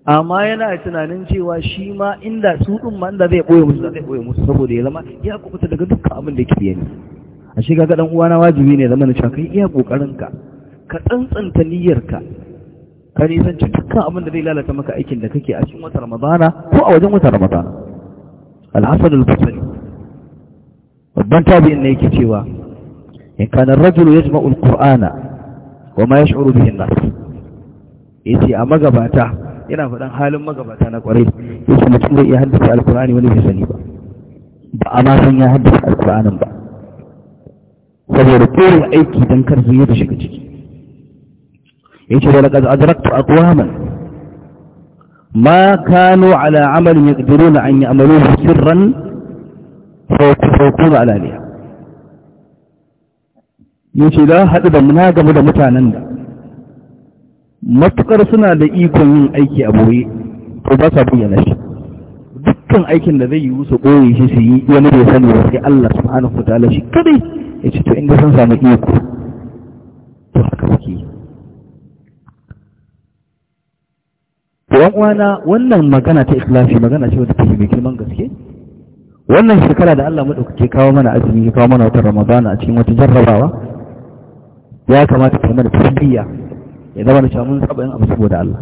amma yana tunanin cewa shi ma inda su din ma inda zai ɓoye musu zai boye musu saboda ya zama ya kubuta daga dukkan abin da yake yana a shi ga dan na wajibi ne zama na cewa kai iya kokarin ka ka tsantsanta niyyarka ka nisanci dukkan abin da zai lalata maka aikin da kake a cikin wata ramadana ko a wajen wata ramadana Alhassan al-basri babban tabi'in ne yake cewa in kana ar-rajulu yajma'u al-qur'ana wa ma yash'uru bihi an-nas yace a magabata yana faɗan halin magabata na kwarai yace mutum zai iya haddasa al-qur'ani wani bai sani ba ba a ma san ya haddasa al-qur'anin ba saboda kowa aiki don kar zuwa da shiga ciki yace da laqad adraktu aqwaman ma kanu ala amalin yaqdiruna an ya'maluhu sirran fawqu alaliya yace da hadu da muna game da mutanen da matukar suna da ikon yin aiki a boye to ba sa bayyana shi dukkan aikin da zai yi su ɓoye shi su yi wani bai sani ba sai Allah subhanahu wa ta'ala shi kadai ya ce to inda sun samu iko yan uwana wannan magana ta ikhlasi magana ce wadda take mai girman gaske wannan shekara da Allah madaukake kawo mana azumi ya kawo mana watan Ramadana a cikin wata jarrabawa ya kamata ta mana tarbiyya ya zama da shamun saba yin abu saboda Allah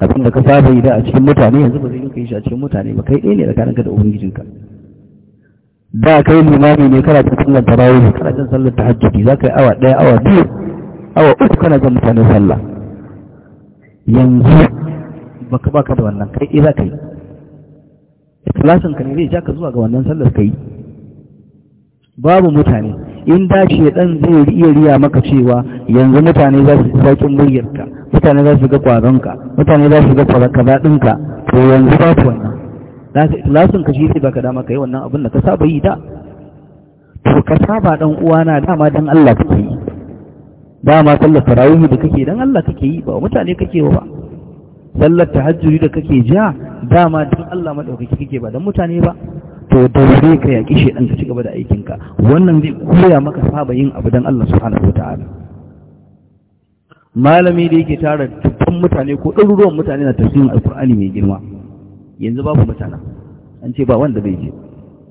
abin da ka saba yi da a cikin mutane yanzu ba zai yi shi a cikin mutane ba kai ɗaya ne tsakaninka da ka da kai limami ne kana ta sallar tarawih kana ta sallar tahajjudi za ka yi awa ɗaya awa biyu awa uku kana ga mutane sallah yanzu baka baka da wannan kai za ka yi ikilasinka ne zai ja ka zuwa ga wannan sallar ka yi babu mutane in dace shedan zai iya riya maka cewa yanzu mutane za su zaƙin muryarka mutane za su ga ƙwaronka mutane za su ga kaza ɗinka to yanzu ba ku wannan lasin ka shi zai baka dama ka yi wannan abin da ka saba yi da to ka saba ɗan uwana dama dan Allah kake yi ma sallar tarawihi da kake dan Allah kake yi ba mutane kake ba sallar tahajjudi da kake ja ma dan Allah madaukaki kake ba dan mutane ba to daure ka yaki shedan ka cigaba da aikin ka wannan zai koya maka saba yin abu dan Allah subhanahu wataala malami da yake tara dukkan mutane ko ɗaruruwan mutane na tafsirin alqur'ani mai girma yanzu babu mutana an ce ba wanda bai je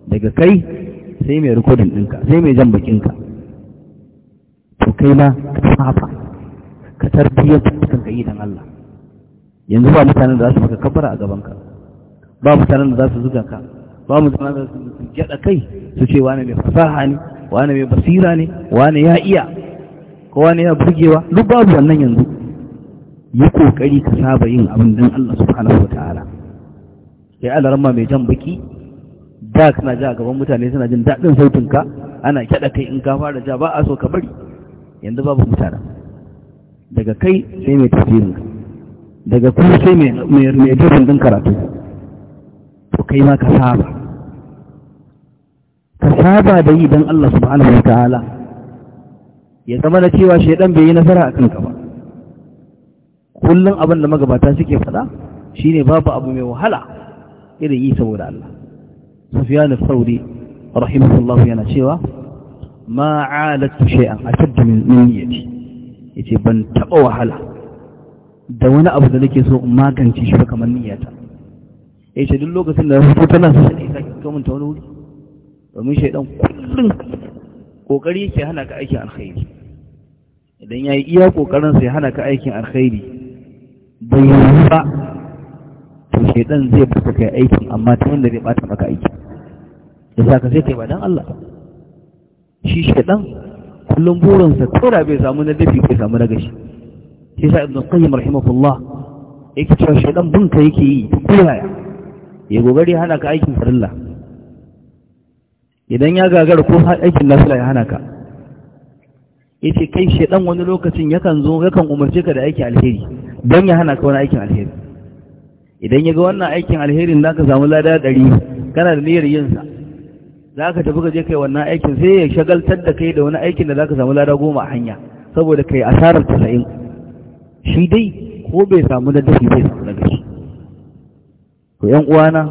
daga kai sai mai rikodin ɗinka sai mai jan bakinka kai ma ka saba ka tarbiyyar cikin ka yi dan Allah yanzu ba mutanen da za su maka kafara a gaban ka ba mutanen da za su zuga ka ba mutanen da za su gyada kai su ce wani mai fasaha ne wani mai basira ne wani ya iya ko wani ya burgewa duk babu wannan yanzu yi kokari ka saba yin abin dan Allah subhanahu wataala sai ramma mai jan baki da kana ja a gaban mutane suna jin daɗin sautinka ana kyaɗa kai in ka fara ja ba a so ka bari yanzu babu mutanen daga kai sai mai tafsirin daga kuma sai mai jefin din karatu to kai ma ka saba ka saba da yi don Allah subhanahu wa ta'ala ya zama da cewa shaidan bai yi nasara a kanka ba kullum abin da magabata suke faɗa shine babu abu mai wahala irin yi saboda Allah sufyan al-thawri rahimahullahu yana cewa ma alatu shay'an ashaddu min niyyati yace ban taba wahala da wani abu da nake so in magance shi kamar niyyata yace duk lokacin da fito tana so sai ka kamun ta wani wuri domin shaydan kullun kokari yake hana ka aikin alkhairi idan yayi iya kokarin sai hana ka aikin alkhairi bai yi ba to shaydan zai baka kai aikin amma ta wanda zai bata maka aiki yasa ka sai kai ba dan Allah shi ɗan kullum burinsa koda bai samu na dafi bai samu na gashi shi sa ibn qayyim rahimahullah yake cewa bin bunka yake yi ta koyaya ya gogari hana ka aikin farilla idan ya gagara ko aikin nafila ya hana ka yace kai shi ɗan wani lokacin yakan zo yakan umarce ka da aikin alheri don ya hana ka wani aikin alheri idan ya ga wannan aikin alherin da ka samu lada ɗari kana da niyyar yinsa za ka tafi ka je kai wannan aikin sai ya shagaltar da kai da wani aikin da za ka samu lada goma a hanya saboda kai asarar tasa'in shi dai ko bai samu na dafi bai samu na gashi to yan uwana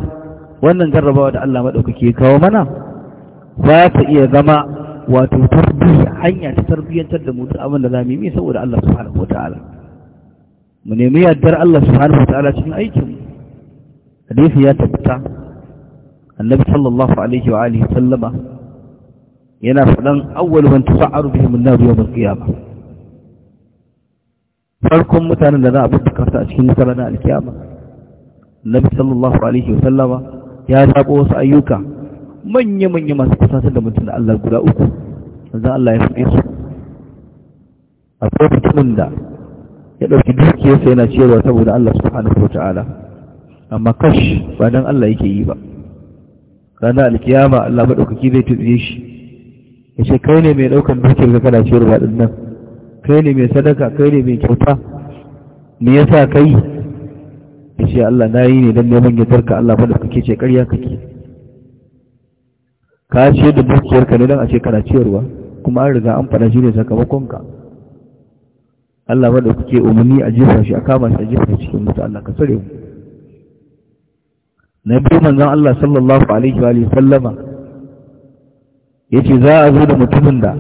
wannan jarrabawa da Allah maɗaukaki ya kawo mana za ta iya zama wato tarbiyya hanya ta tarbiyyantar da mutum abin da za mu yi saboda Allah subhanahu wataala mu nemi yardar Allah subhanahu wataala cikin aikin hadisi ya tabbata annabi sallallahu alaihi wa alihi sallama yana faɗan awwal man tusa'aru bihim an-nar yawm al-qiyama farkon mutanen da za a bubbuka a cikin wutar ranar al-qiyama annabi sallallahu alaihi wa sallama ya sabo wasu ayyuka manya-manya masu kusantar da mutum da Allah guda uku zan Allah ya faɗe su akwai mutumin da ya ɗauki dukiyarsa yana ciyarwa saboda Allah subhanahu wa amma kash ba don Allah yake yi ba ranar alkiyama Allah maɗaukaki zai tutsiye shi ya ce kai ne mai ɗaukan dukiyar ga kana ciyar baɗin nan kai ne mai sadaka kai ne mai kyauta me yasa kai ya ce Allah na yi ne don neman yaddarka Allah maɗaukaki ce ƙarya kake ka ce da dukiyarka ne don a ce kana ciyarwa kuma an riga an faɗa shi ne sakamakonka Allah maɗaukaki umarni a jefa shi a kama shi a jefa cikin mutu Allah ka tsare mu na biyu manzon Allah sallallahu alaihi wa sallama yace za a zo da mutumin da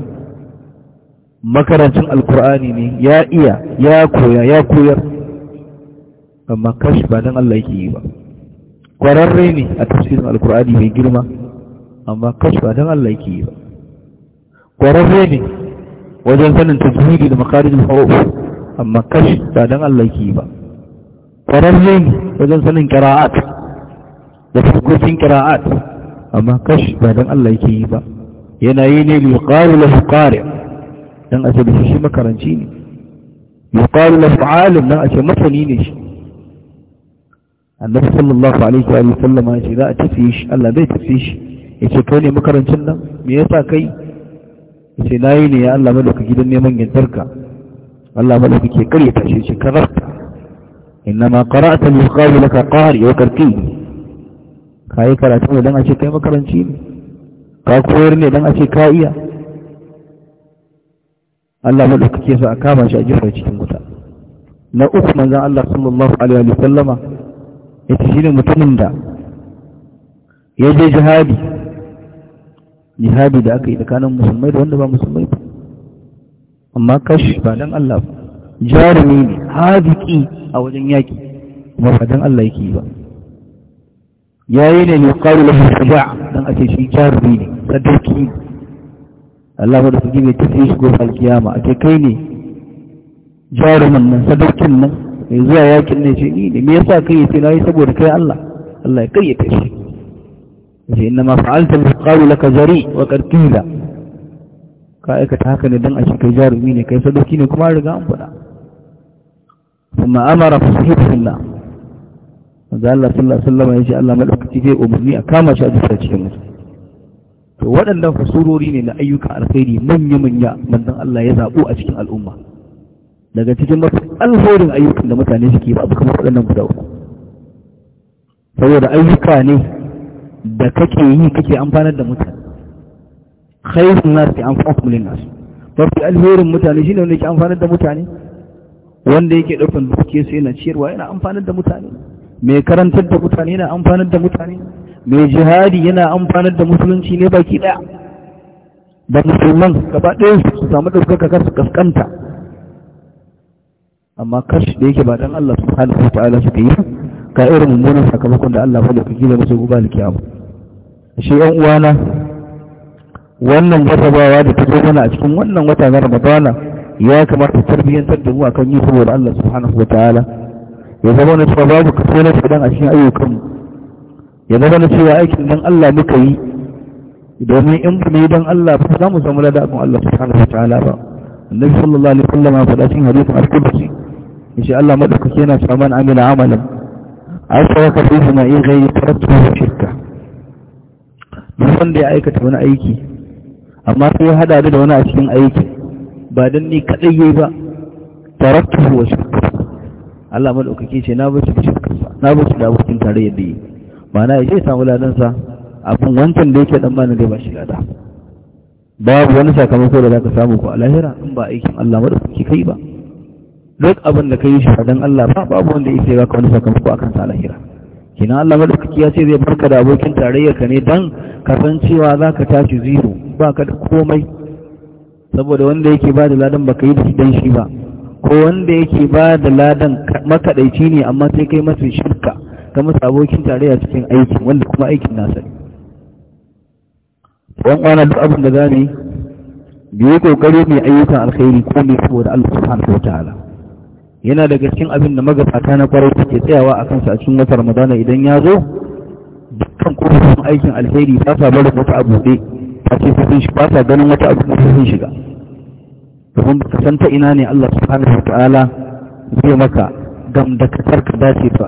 makarancin alkur'ani ne ya iya ya koya ya koyar amma kashi ba dan Allah yake yi ba kwararre ne a tafsirin alkur'ani mai girma amma kashi ba dan Allah yake yi ba kwararre ne wajen sanin tajwidi da makarijin huruf amma kashi ba dan Allah yake yi ba kwararre ne wajen sanin qira'at da fuskokin kira'at amma ba don Allah yake yi ba yi ne a ce da shi makaranci ne a ce masani ne shi annabi sallallahu alaihi wa sallama ya ce za a tafi shi Allah zai tafi shi ya ce ne makarancin nan me kai ya ce na yi ne ya Allah gidan neman yantarka Allah ke karyata shi ce qari wa ka yi karatu ne don a ce kai makaranci ne ka koyar ne don a ce ka iya Allah maɗaukake su a kama shi a jifar cikin wuta na uku manzan Allah sallallahu alaihi wa sallama ya ce shi ne mutumin da ya je jihadi jihadi da aka yi tsakanin musulmai da wanda ba musulmai ba amma kashi ba don Allah ba jarumi ne haziki a wajen yaƙi kuma ba don Allah yake yi ba ya yi ne mai ƙaru da ba don a ce shi jarumi ne sadauki ne Allah wadda su gini ta fi shi gofa alkiyama a ce kai ne jarumin nan sadaukin nan mai zuwa yakin ne ce ni ne me yasa kai yace na yi saboda kai Allah Allah ya kayyata shi yace inna ma fa'alta yuqalu laka jari wa qad qila ka aikata haka ne dan a shi kai jarumi ne kai sadauki ne kuma riga an faɗa kuma amara fa sahibu billah manzo Allah sallallahu alaihi wasallam yace Allah madaukaki zai umarni a kama shi a bisa cikin musu to waɗannan fasurori ne na ayyuka alkhairi manya manya manzon Allah ya zabo a cikin al'umma daga cikin mafi alhorin ayyukan da mutane suke ba abu kamar waɗannan guda uku saboda ayyuka ne da kake yi kake amfanar da mutane khairun nas ki amfanu lin nas mafi alhorin mutane shine wanda yake amfanar da mutane wanda yake daukan dukiyarsa yana ciyarwa yana amfanar da mutane mai karantar da mutane yana amfanar da mutane mai jihadi yana amfanar da musulunci ne baki daya Ba musulman gaba ɗaya su samu ɗaukaka kar su kaskanta amma kashi da yake ba dan Allah subhanahu wa ta'ala suka yi ka irin mummunan sakamakon da Allah fada kike da musu gobe alkiyama shi 'yan uwana wannan bawa da ta zo mana a cikin wannan wata na Ramadana ya kamata tarbiyyantar da mu akan yi saboda Allah subhanahu wa ta'ala ya zama na cewa babu kaso na shaidan a cikin ayyukan ya zama na cewa aikin dan Allah muka yi domin in ba ne dan Allah ba za mu samu ladabin Allah subhanahu wataala ba annabi sallallahu alaihi wasallam ya faɗa cikin hadisin al-qudsi yace Allah madaukake yana cewa man amila amalan asraka fihi ma in ghayri taraktuhu shirka duk wanda ya aikata wani aiki amma sai ya hada da wani a cikin aiki ba dan ni kadai yayi ba taraktuhu wa shirka Allah madaukake ce na baki na baki da abokin tare yadda yi ma'ana ya je samu ladansa abin wancan da yake dan bani zai ba shi lada babu wani sakamako da zaka samu ko a lahira in ba aikin Allah madaukake kai ba duk abin da kai shi dan Allah ba babu wanda yake zaka wani sakamako akan sa lahira kina Allah madaukake ya ce zai barka da abokin tarayyar ka ne dan kasancewa zaka tashi zero baka da komai saboda wanda yake ba da ladan baka yi da shi shi ba ko wanda yake ba da ladan makaɗaici ne amma sai kai masu shirka ga masu abokin tarayya cikin aikin wanda kuma aikin nasa ne wan kwana duk abin da zane biyu kokari mai ayyukan alkhairi ko ne saboda Allah subhanahu ta'ala. yana daga cikin abin da magabata na kwarai suke tsayawa a kansa a cikin wata ramadana idan ya zo dukkan kuma aikin alkhairi ba sa barin wata abu ne ce shi ba sa ganin wata abu ne sun shiga domin ka san ta ina ne Allah subhanahu wa ta'ala zai maka gam da ka tarka dace ba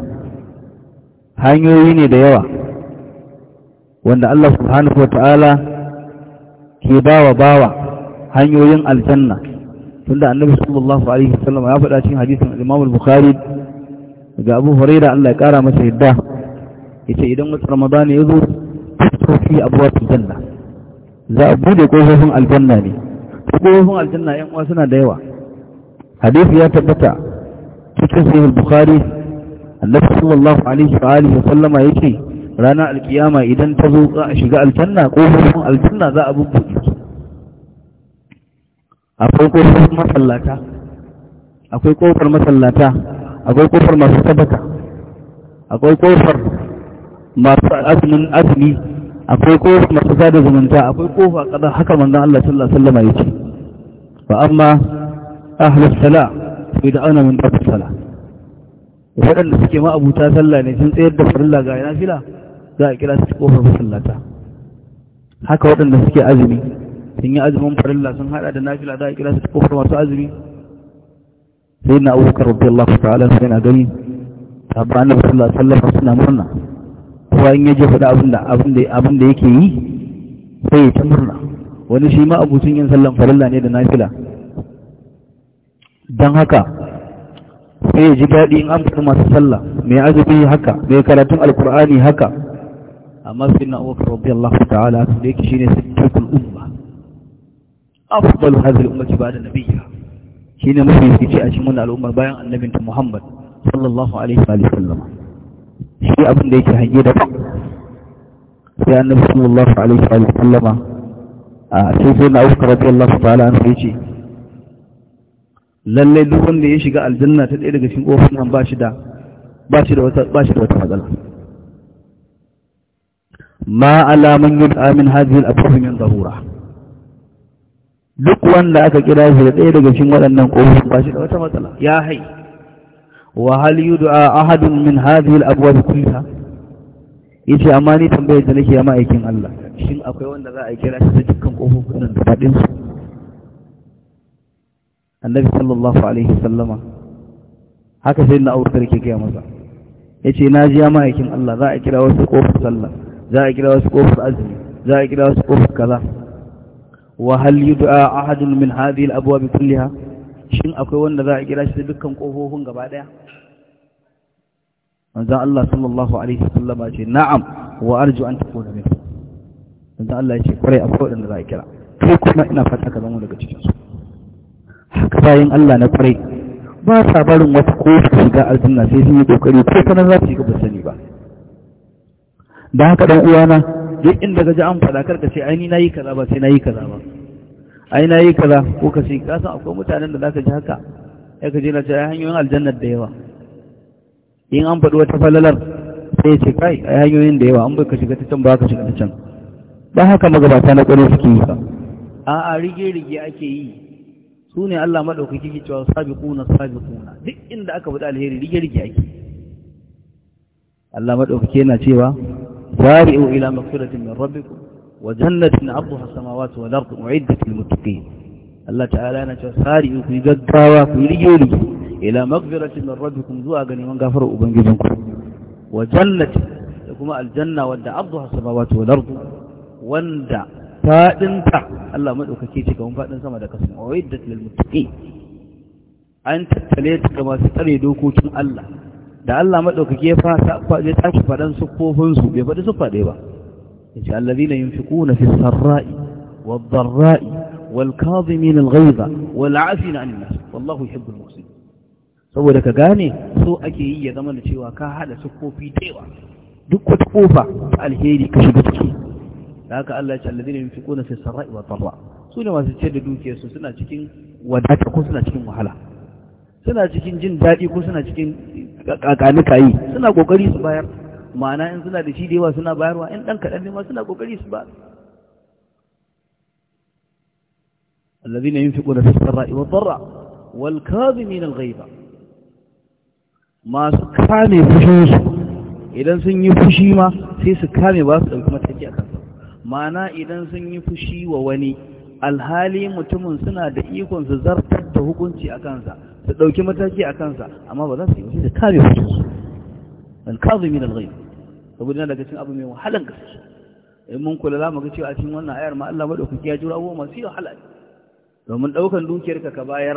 hanyoyi ne da yawa wanda Allah subhanahu wa ta'ala ke bawa bawa hanyoyin aljanna tunda annabi sallallahu alaihi wasallam ya faɗa cikin hadisin Imam al-Bukhari daga Abu Huraira Allah ya kara masa yadda yace idan wata Ramadan ya zo to fi abwatul janna za a bude kofofin aljanna ne kofofin aljanna yan uwa suna da yawa hadisi ya tabbata cikin sahih al-bukhari annabi sallallahu alaihi wa alihi wa sallama yake rana alkiyama idan ta zo za a shiga aljanna kofofin aljanna za a bubbuɗe su akwai kofar masallata akwai kofar masallata akwai kofar masu sadaka akwai kofar masu azumin azumi akwai kofar masu sada zumunta akwai kofa kada haka manzon Allah sallallahu alaihi wasallam yake فأما أهل السلاء فإدعانا من باب السلاء waɗanda suke ma abuta sallah ne sun tsayar da farilla ga yana fila za a kira su kofar masallata haka waɗanda suke azumi sun yi azumin farilla sun haɗa da nafila za a kira su kofar masu azumi sai na abubakar rabbi Allah ta'ala sai na gani sabba annabi sallallahu alaihi wasallam suna murna kowa in ya je faɗa abin yake yi sai ta murna wani shi ma abucin yin sallan farilla ne da nafila don haka sai ya ji daɗi in an fi masu sallah mai azumi haka mai karatun alkur'ani haka amma sai na uwa karabbi Allah ta'ala da yake su sittakul umma afdalu hadhihi ummati ba'da nabiyya shine mafi fice a cikin wannan al'ummar bayan annabin ta Muhammad sallallahu alaihi wa sallam shi abin da yake hange da sai annabi sallallahu alaihi wa sallam a sai sai na uku radiyallahu ta'ala an ce Lallai duk wanda ya shiga aljanna ta ɗaya daga cikin kofin nan ba shi da ba shi da wata ba shi da wata matsala ma ala man yud'a min hadhihi al-abwab min dhahura duk wanda aka kira shi da ɗaya daga cikin waɗannan kofin ba shi da wata matsala ya hai wa hal yud'a ahadun min hadhihi al-abwab kullaha yace amma ni tambayar da nake ya ma'aikin Allah shin akwai wanda za a kira shi da dukkan ƙofofin nan da faɗin su annabi sallallahu alaihi sallama haka sai na aurkar ke gaya masa ya ce na ji ya ma'aikin Allah za a kira wasu ƙofar sallah za a kira wasu ƙofar azumi za a kira wasu ƙofar kaza wa hal yud'a ahadun min hadhihi al-abwab kulliha shin akwai wanda za a kira shi da dukkan ƙofofin gaba daya manzo Allah sallallahu alaihi wasallama ce na'am wa arju an takuna minhu yanzu Allah ya ce kwarai akwai waɗanda za a kira kai kuma ina fata ka zama daga cikin su haka bayan Allah na kwarai ba sa barin wata ko su shiga aljanna sai sun yi kokari ko ta za su yi ba sani ba da haka dan uwana duk inda ga ji an faɗa karka ce ai ni nayi kaza ba sai nayi kaza ba ai nayi kaza ko ka ce ka san akwai mutanen da za ka ji haka ya ka je na ce ai hanyoyin aljanna da yawa in an faɗi wata falalar sai ce kai ai hanyoyin da yawa an bai ka shiga ta can ba ka shiga ta can don haka magabata na ƙwarin suke yi a a rige-rige ake yi su ne Allah maɗaukaki ke cewa kuna sabiquna kuna, duk inda aka faɗi alheri rige-rige ake Allah maɗaukaki yana cewa zari'u ila magfiratin min rabbikum wa jannatin arduha as-samawati wal ardu u'iddat lil muttaqin Allah ta'ala yana cewa sari'u ku gaggawa ku rige-rige ila magfiratin min rabbikum zuwa ga neman gafarar ubangijinku wa jannatin da kuma aljanna wadda arduha hasama wata wal ardu wanda faɗinta Allah maɗaukaki ce kamar faɗin sama da kasan a wadda lalmutuƙi an tattale ta ga masu tsare dokokin Allah da Allah maɗaukaki ya fasa ta tashi faɗan siffofinsu bai faɗi siffa ɗaya ba ya ce allazi na yin fiƙo na fi sarra'i wal zarra'i wal kazimin al-ghaiza wal afina an nas wallahu yuhibbul muhsin saboda ka gane so ake yi ya zama da cewa ka haɗa siffofi da yawa duk wata kofa ta alheri ka shiga ciki da haka Allah ya ce alladhina yunfiquna fi sarra'i wa dharra su ne masu ciyar da dukiyarsu suna cikin wadata ko suna cikin wahala suna cikin jin daɗi ko suna cikin kakanikayi suna kokari su bayar ma'ana in suna da shi da yawa suna bayarwa in dan kaɗan ne ma suna kokari su ba alladhina yunfiquna fi sarra'i wa dharra wal kadhimin al ghaiba masu kame fushinsu idan sun yi fushi ma sai su kame ba su ɗauki mana idan sun yi fushi wa wani alhali mutumin suna da ikon su zartar da hukunci a kansa su ɗauki mataki a kansa amma ba za su yi wasu da kame hukunci alkazu min alghayb saboda daga cikin abu mai wahalan gaske in mun kula mu ga cewa a cikin wannan ayar ma Allah madaukaki ya jira abubuwa masu wahala domin ɗaukan dukiyarka ka bayar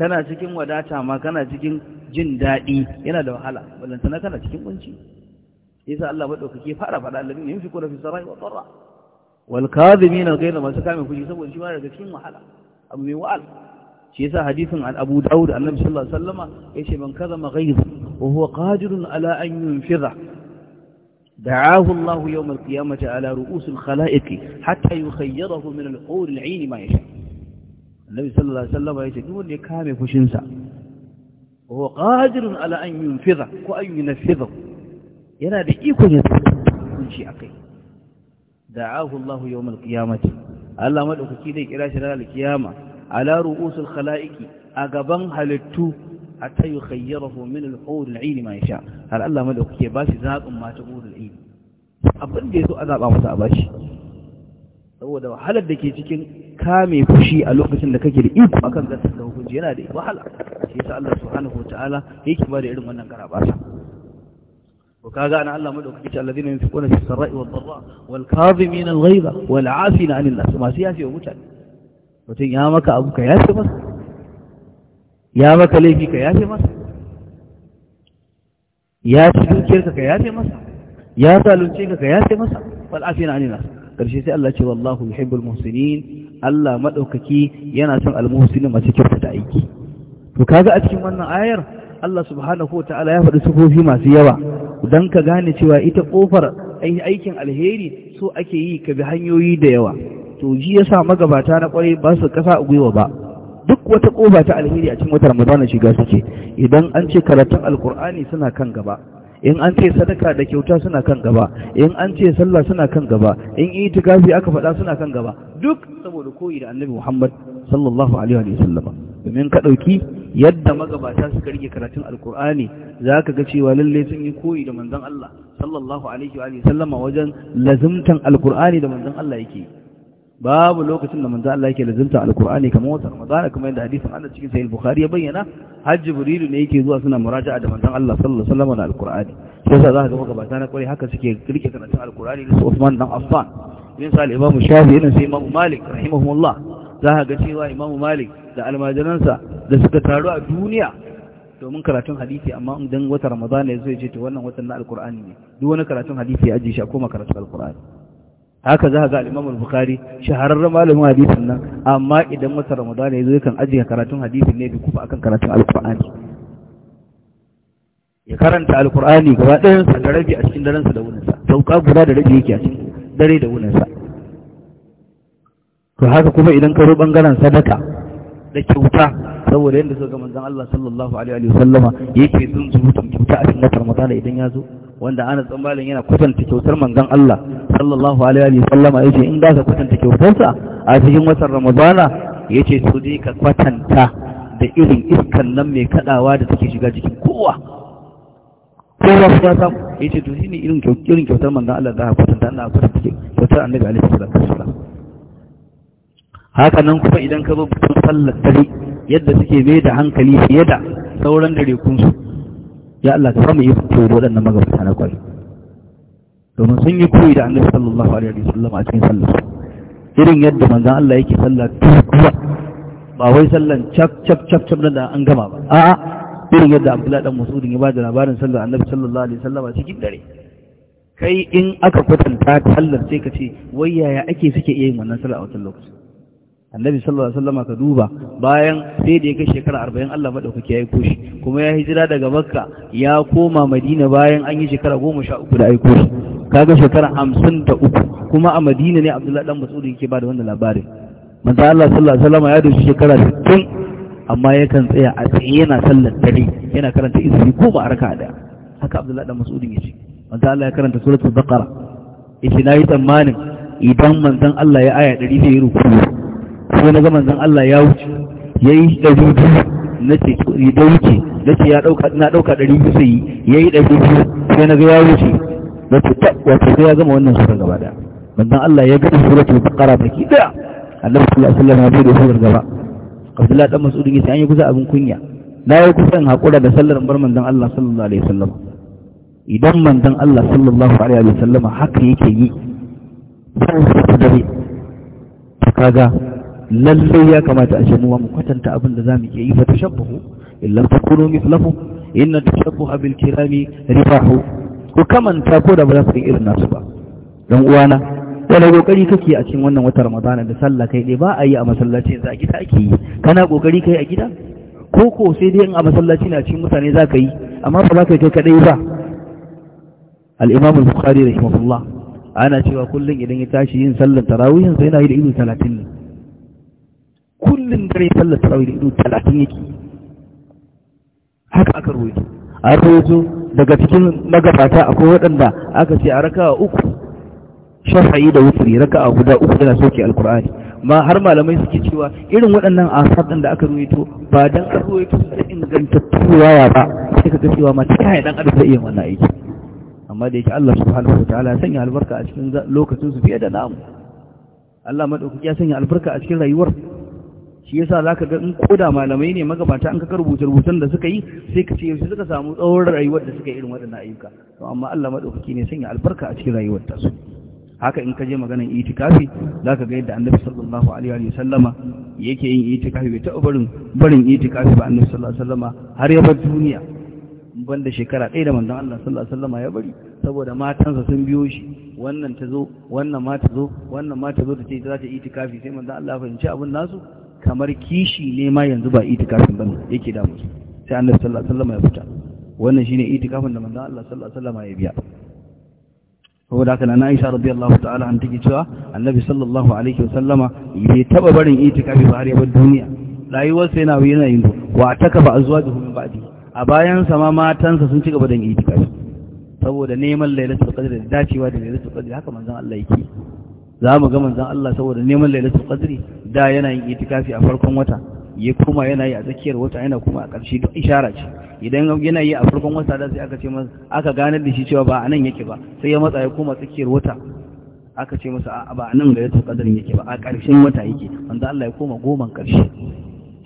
kana cikin wadata ma kana cikin jin daɗi yana da wahala ballantana kana cikin kunci yasa Allah madaukaki ya fara faɗa ne, yunfiquna fi sarai wa dharra والكاذبين غير ما سكان من كجيسا وإن شمال دكشين محلا أبو ميوال شيسا حديث عن أبو داود النبي صلى الله عليه وسلم إيش من كذب غيظ وهو قادر على أن ينفذه دعاه الله يوم القيامة على رؤوس الخلائق حتى يخيره من الحور العين ما يشاء النبي صلى الله عليه وسلم إيش يقول لك كامي فشنسا وهو قادر على أن ينفذه وأن ينفذه ينادي إيكو ينفذه من شيء أقيم da'ahu Allahu yawmal qiyamati Allah madaukaki zai kira shi ranar kiyama ala ru'usul khalaiqi a gaban halittu hatta yukhayyirahu min al-hur al-ayn ma yasha har Allah madaukaki ba shi zabin mata hur al-ayn abin da yaso a zaba masa a bashi saboda wahalar da ke cikin kame fushi a lokacin da kake da iko akan zartar da hukunci yana da wahala Allah subhanahu wataala yake irin wannan karabasa to kaga ana Allah madaukaki ce alladhina yunfiquna fi sarra'i wad dharra wal kadhimina al ghaiba wal 'afina 'anil nas masu yafe wa mutane mutum ya maka abu yafe masa ya maka laifi ka yafe masa ya ci dukiyarka ka yafe masa ya zalunce ka ka yafe masa wal 'afina 'anil nas karshe sai Allah ce wallahu yuhibbul muhsinin Allah madaukaki yana son al muhsinin masu kyautata aiki to kaga a cikin wannan ayar Allah subhanahu ta'ala ya faɗi sufofi masu yawa don ka gane cewa ita ƙofar aikin alheri so ake yi ka bi hanyoyi da yawa to ji ya sa magabata na kwarai ba su kasa a gwiwa ba duk wata ƙofa ta alheri a cikin wata ramadana shiga suke idan an ce karatun alkur'ani suna kan gaba in an ce sadaka da kyauta suna kan gaba in an ce sallah suna kan gaba in itikafi aka faɗa suna kan gaba duk saboda koyi da annabi muhammad sallallahu alaihi wa sallam domin ka ɗauki yadda magabata suka rike karatun alkur'ani za ka ga cewa lalle sun yi koyi da manzon Allah sallallahu alaihi wa sallama wajen lazimtan alkur'ani da manzon Allah yake babu lokacin da manzon Allah yake lazimta alkur'ani kamar wata ramadana kamar yadda hadisin Allah cikin sahih bukhari ya bayyana Hajji jibrilu ne yake zuwa suna muraja'a da manzon Allah sallallahu alaihi wa sallama da alkur'ani sai za ka ga magabata na kware haka suke rike karatun alkur'ani da su Usman dan Affan yin sa al-Imam Shafi'i ne sai Imam Malik rahimahumullah za ka ga cewa imamu malik da almajiransa da suka taru a duniya domin karatun hadisi amma idan wata ramadan ya zo ya ce to wannan watan na alkur'ani ne duk wani karatun hadisi ya ajiye shi a koma karatun alkur'ani haka za ka ga al'imamu Bukhari shahararren malamin hadisin nan amma idan wata ramadan ya zo yakan ajiye karatun hadisin ne kufa akan karatun alkur'ani ya karanta alkur'ani gaba ɗayansa da rabi a cikin darensa da wuninsa sauka guda da rabi yake a cikin dare da wuninsa to haka kuma idan ka zo bangaren sadaka da kyauta saboda yadda suka ga manzon Allah sallallahu alaihi wa sallama yake sun zurutun kyauta a cikin watan Ramadan idan ya zo wanda ana tsammanin yana kwatanta kyautar manzon Allah sallallahu alaihi wa sallama yace in da ka kwatanta kyautarsa a cikin watan Ramadan yace to dai ka kwatanta da irin iskan nan mai kadawa da take shiga jikin kowa kowa ya samu yace to shine irin kyautar manzon Allah da ka kwatanta ana kwatanta kyautar Annabi alaihi salatu wasallam haka nan kuma idan ka zo bikin sallar dare yadda suke mai da hankali fiye da sauran dare kunsu ya Allah ka samu yi fito da waɗannan magabata na kwari domin sun yi koyi da annabi sallallahu alaihi wa sallam a cikin sallar irin yadda manzon Allah yake sallah tukuwa ba wai sallan cap cap cap cap da an gama ba a'a irin yadda Abdullah dan Mas'udin ya bada labarin sallar annabi sallallahu alaihi wa sallam a cikin dare kai in aka kwatanta sallar sai ka ce wai yaya ake suke iya yin wannan sallar a wannan lokacin annabi sallallahu alaihi wasallam ka duba bayan sai da ya kai shekara 40 Allah madaukaki ya aiko shi kuma ya hijira daga Makka ya koma Madina bayan an yi shekara 13 da aiko shi kaga shekara 53 kuma a Madina ne Abdullahi dan Mas'ud yake ba da wannan labarin manzo Allah sallallahu alaihi wasallam ya dace shekara 60 amma yakan tsaya a tsaye yana sallar dare yana karanta izini ko ba arka da haka Abdullahi dan Mas'ud yake manzo Allah ya karanta suratul baqara yace nayi tsammanin idan manzon Allah ya aya 100 zai ruku sai na ga zan Allah ya wuce yi ɗari biyu na ce da wuce na ce na ɗauka ɗari biyu sai yi ɗari biyu sai na ga ya wuce na ce ta wato sai ya gama wannan sura gaba daya manzon Allah ya gama suratul baqara baki daya Allah sallallahu alaihi na ya da surar gaba Abdullahi dan Mas'ud sai an yi kusa abin kunya na yi in haƙura da sallar bar manzon Allah sallallahu alaihi wasallam idan manzon Allah sallallahu alaihi wasallam haka yake yi sai su dare ga. lallai ya kamata a shamuwa mu kwatanta abin da za mu iya yi fa tashabbahu illam takunu mithlahu inna tashabbuha bil kirami rifahu ku kamanta ko da ba za ku yi irin nasu ba dan uwana wani kokari kake a cikin wannan watan ramadana da sallah kai ne ba a yi a masallaci za a gida ake yi kana kokari kai a gida ko ko sai dai in a masallaci na cikin mutane za ka yi amma ba za ka yi kai kadai ba al-imam al-bukhari rahimahullah ana cewa kullum idan ya tashi yin sallar tarawihin sai yana yi da ilu 30 ne kullum dare sallar tarawih da ido talatin yake haka aka ruwaito an ruwaito daga cikin magabata akwai waɗanda aka ce a raka uku shafa'i da wuturi raka a guda uku tana soke alkur'ani ma har malamai suke cewa irin waɗannan asar ɗin da aka ruwaito ba dan an ruwaito su da ingantattuwa ya ba sai ka ga cewa ma ta kai dan adam zai iya wannan aiki amma da yake Allah subhanahu wa ta'ala ya sanya albarka a cikin lokacin su fiye da namu Allah madaukaki ya sanya albarka a cikin rayuwar shi yasa zaka ga in koda malamai ne magabata an ka rubuce rubutan da suka yi sai ka ce yaushe suka samu tsawon rayuwar da suka yi irin waɗannan ayyuka to amma Allah madaukaki ne sanya albarka a cikin rayuwar ta su haka in ka je maganar itikafi zaka ga yadda Annabi sallallahu alaihi wa sallama yake yin itikafi bai taɓa barin barin itikafi ba Annabi sallallahu alaihi wa sallama har ya bar duniya banda shekara ɗaya da manzon Allah sallallahu alaihi sallama ya bari saboda matansa sun biyo shi wannan ta zo wannan ma ta zo wannan ma ta zo ta ce za ta yi itikafi sai manzon Allah ya fahimci abin nasu kamar kishi ne ma yanzu ba itikafin ba yake damu sai annabi sallallahu alaihi wasallam ya fita wannan shine itikafin da manzo Allah sallallahu alaihi wasallam ya biya saboda haka na Aisha radiyallahu ta'ala an take cewa annabi sallallahu alaihi wasallama bai taba barin itikafi ba har ya bar duniya rayuwar sai na yana yin wa taka ba azwajuhu min ba'di a bayan sa ma matansa sun ci gaba da itikafi saboda neman lailatul qadr da dacewa da lailatul qadr haka manzon Allah yake za mu ga manzon Allah saboda neman lailatul qadr da yana yin itikafi a farkon wata ya kuma yana yi a tsakiyar wata yana kuma a ƙarshe don ishara ce idan yana yi a farkon wata da sai aka ce masa aka gane da shi cewa ba a nan yake ba sai ya matsa ya koma tsakiyar wata aka ce masa ba a nan ga yato kadarin yake ba a ƙarshen wata yake wanda Allah ya koma goma ƙarshe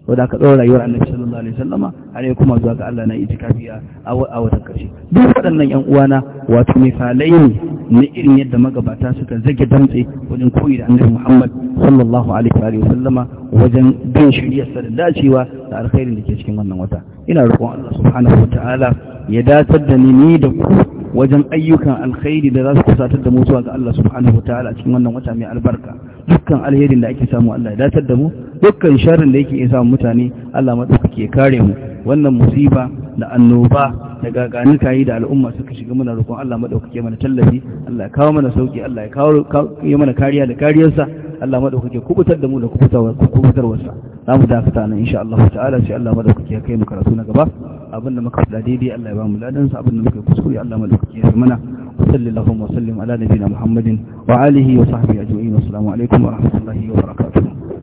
wadda aka ɗora rayuwar annabi sallallahu alaihi wasallama har kuma zuwa ga Allah na itikafi a watan karshe duk waɗannan ƴan uwana wato misalai ne na irin yadda magabata suka zage damtse wajen koyi da annabi Muhammad sallallahu alaihi wa wajen bin shiriyarsa da dacewa da alkhairin da ke cikin wannan wata ina roƙon Allah subhanahu wa ta'ala ya datar da ni ni da ku wajen ayyukan alkhairi da za su kusatar da mu zuwa ga Allah subhanahu wataala cikin wannan wata mai albarka dukkan alherin da ake samu Allah ya datar da mu dukkan sharrin da yake samu mutane Allah madaukake ya kare mu wannan musiba da annoba da gaganuka yi da al'umma suka shiga mana roƙon Allah madaukake mana tallafi Allah ya kawo mana sauki Allah ya kawo ya mana kariya da kariyarsa Allah madaukake kubutar da mu da kubutarwarsa za mu dakata nan insha Allah ta'ala sai Allah madaukake ya kai mu karatu na gaba abinda muka faɗa daidai Allah ya ba mu ladan sa abinda muka kuskure Allah madaukake ya mana sallallahu wa sallim ala nabiyina muhammadin wa alihi wa sahbihi ajma'in assalamu alaikum wa rahmatullahi wa barakatuh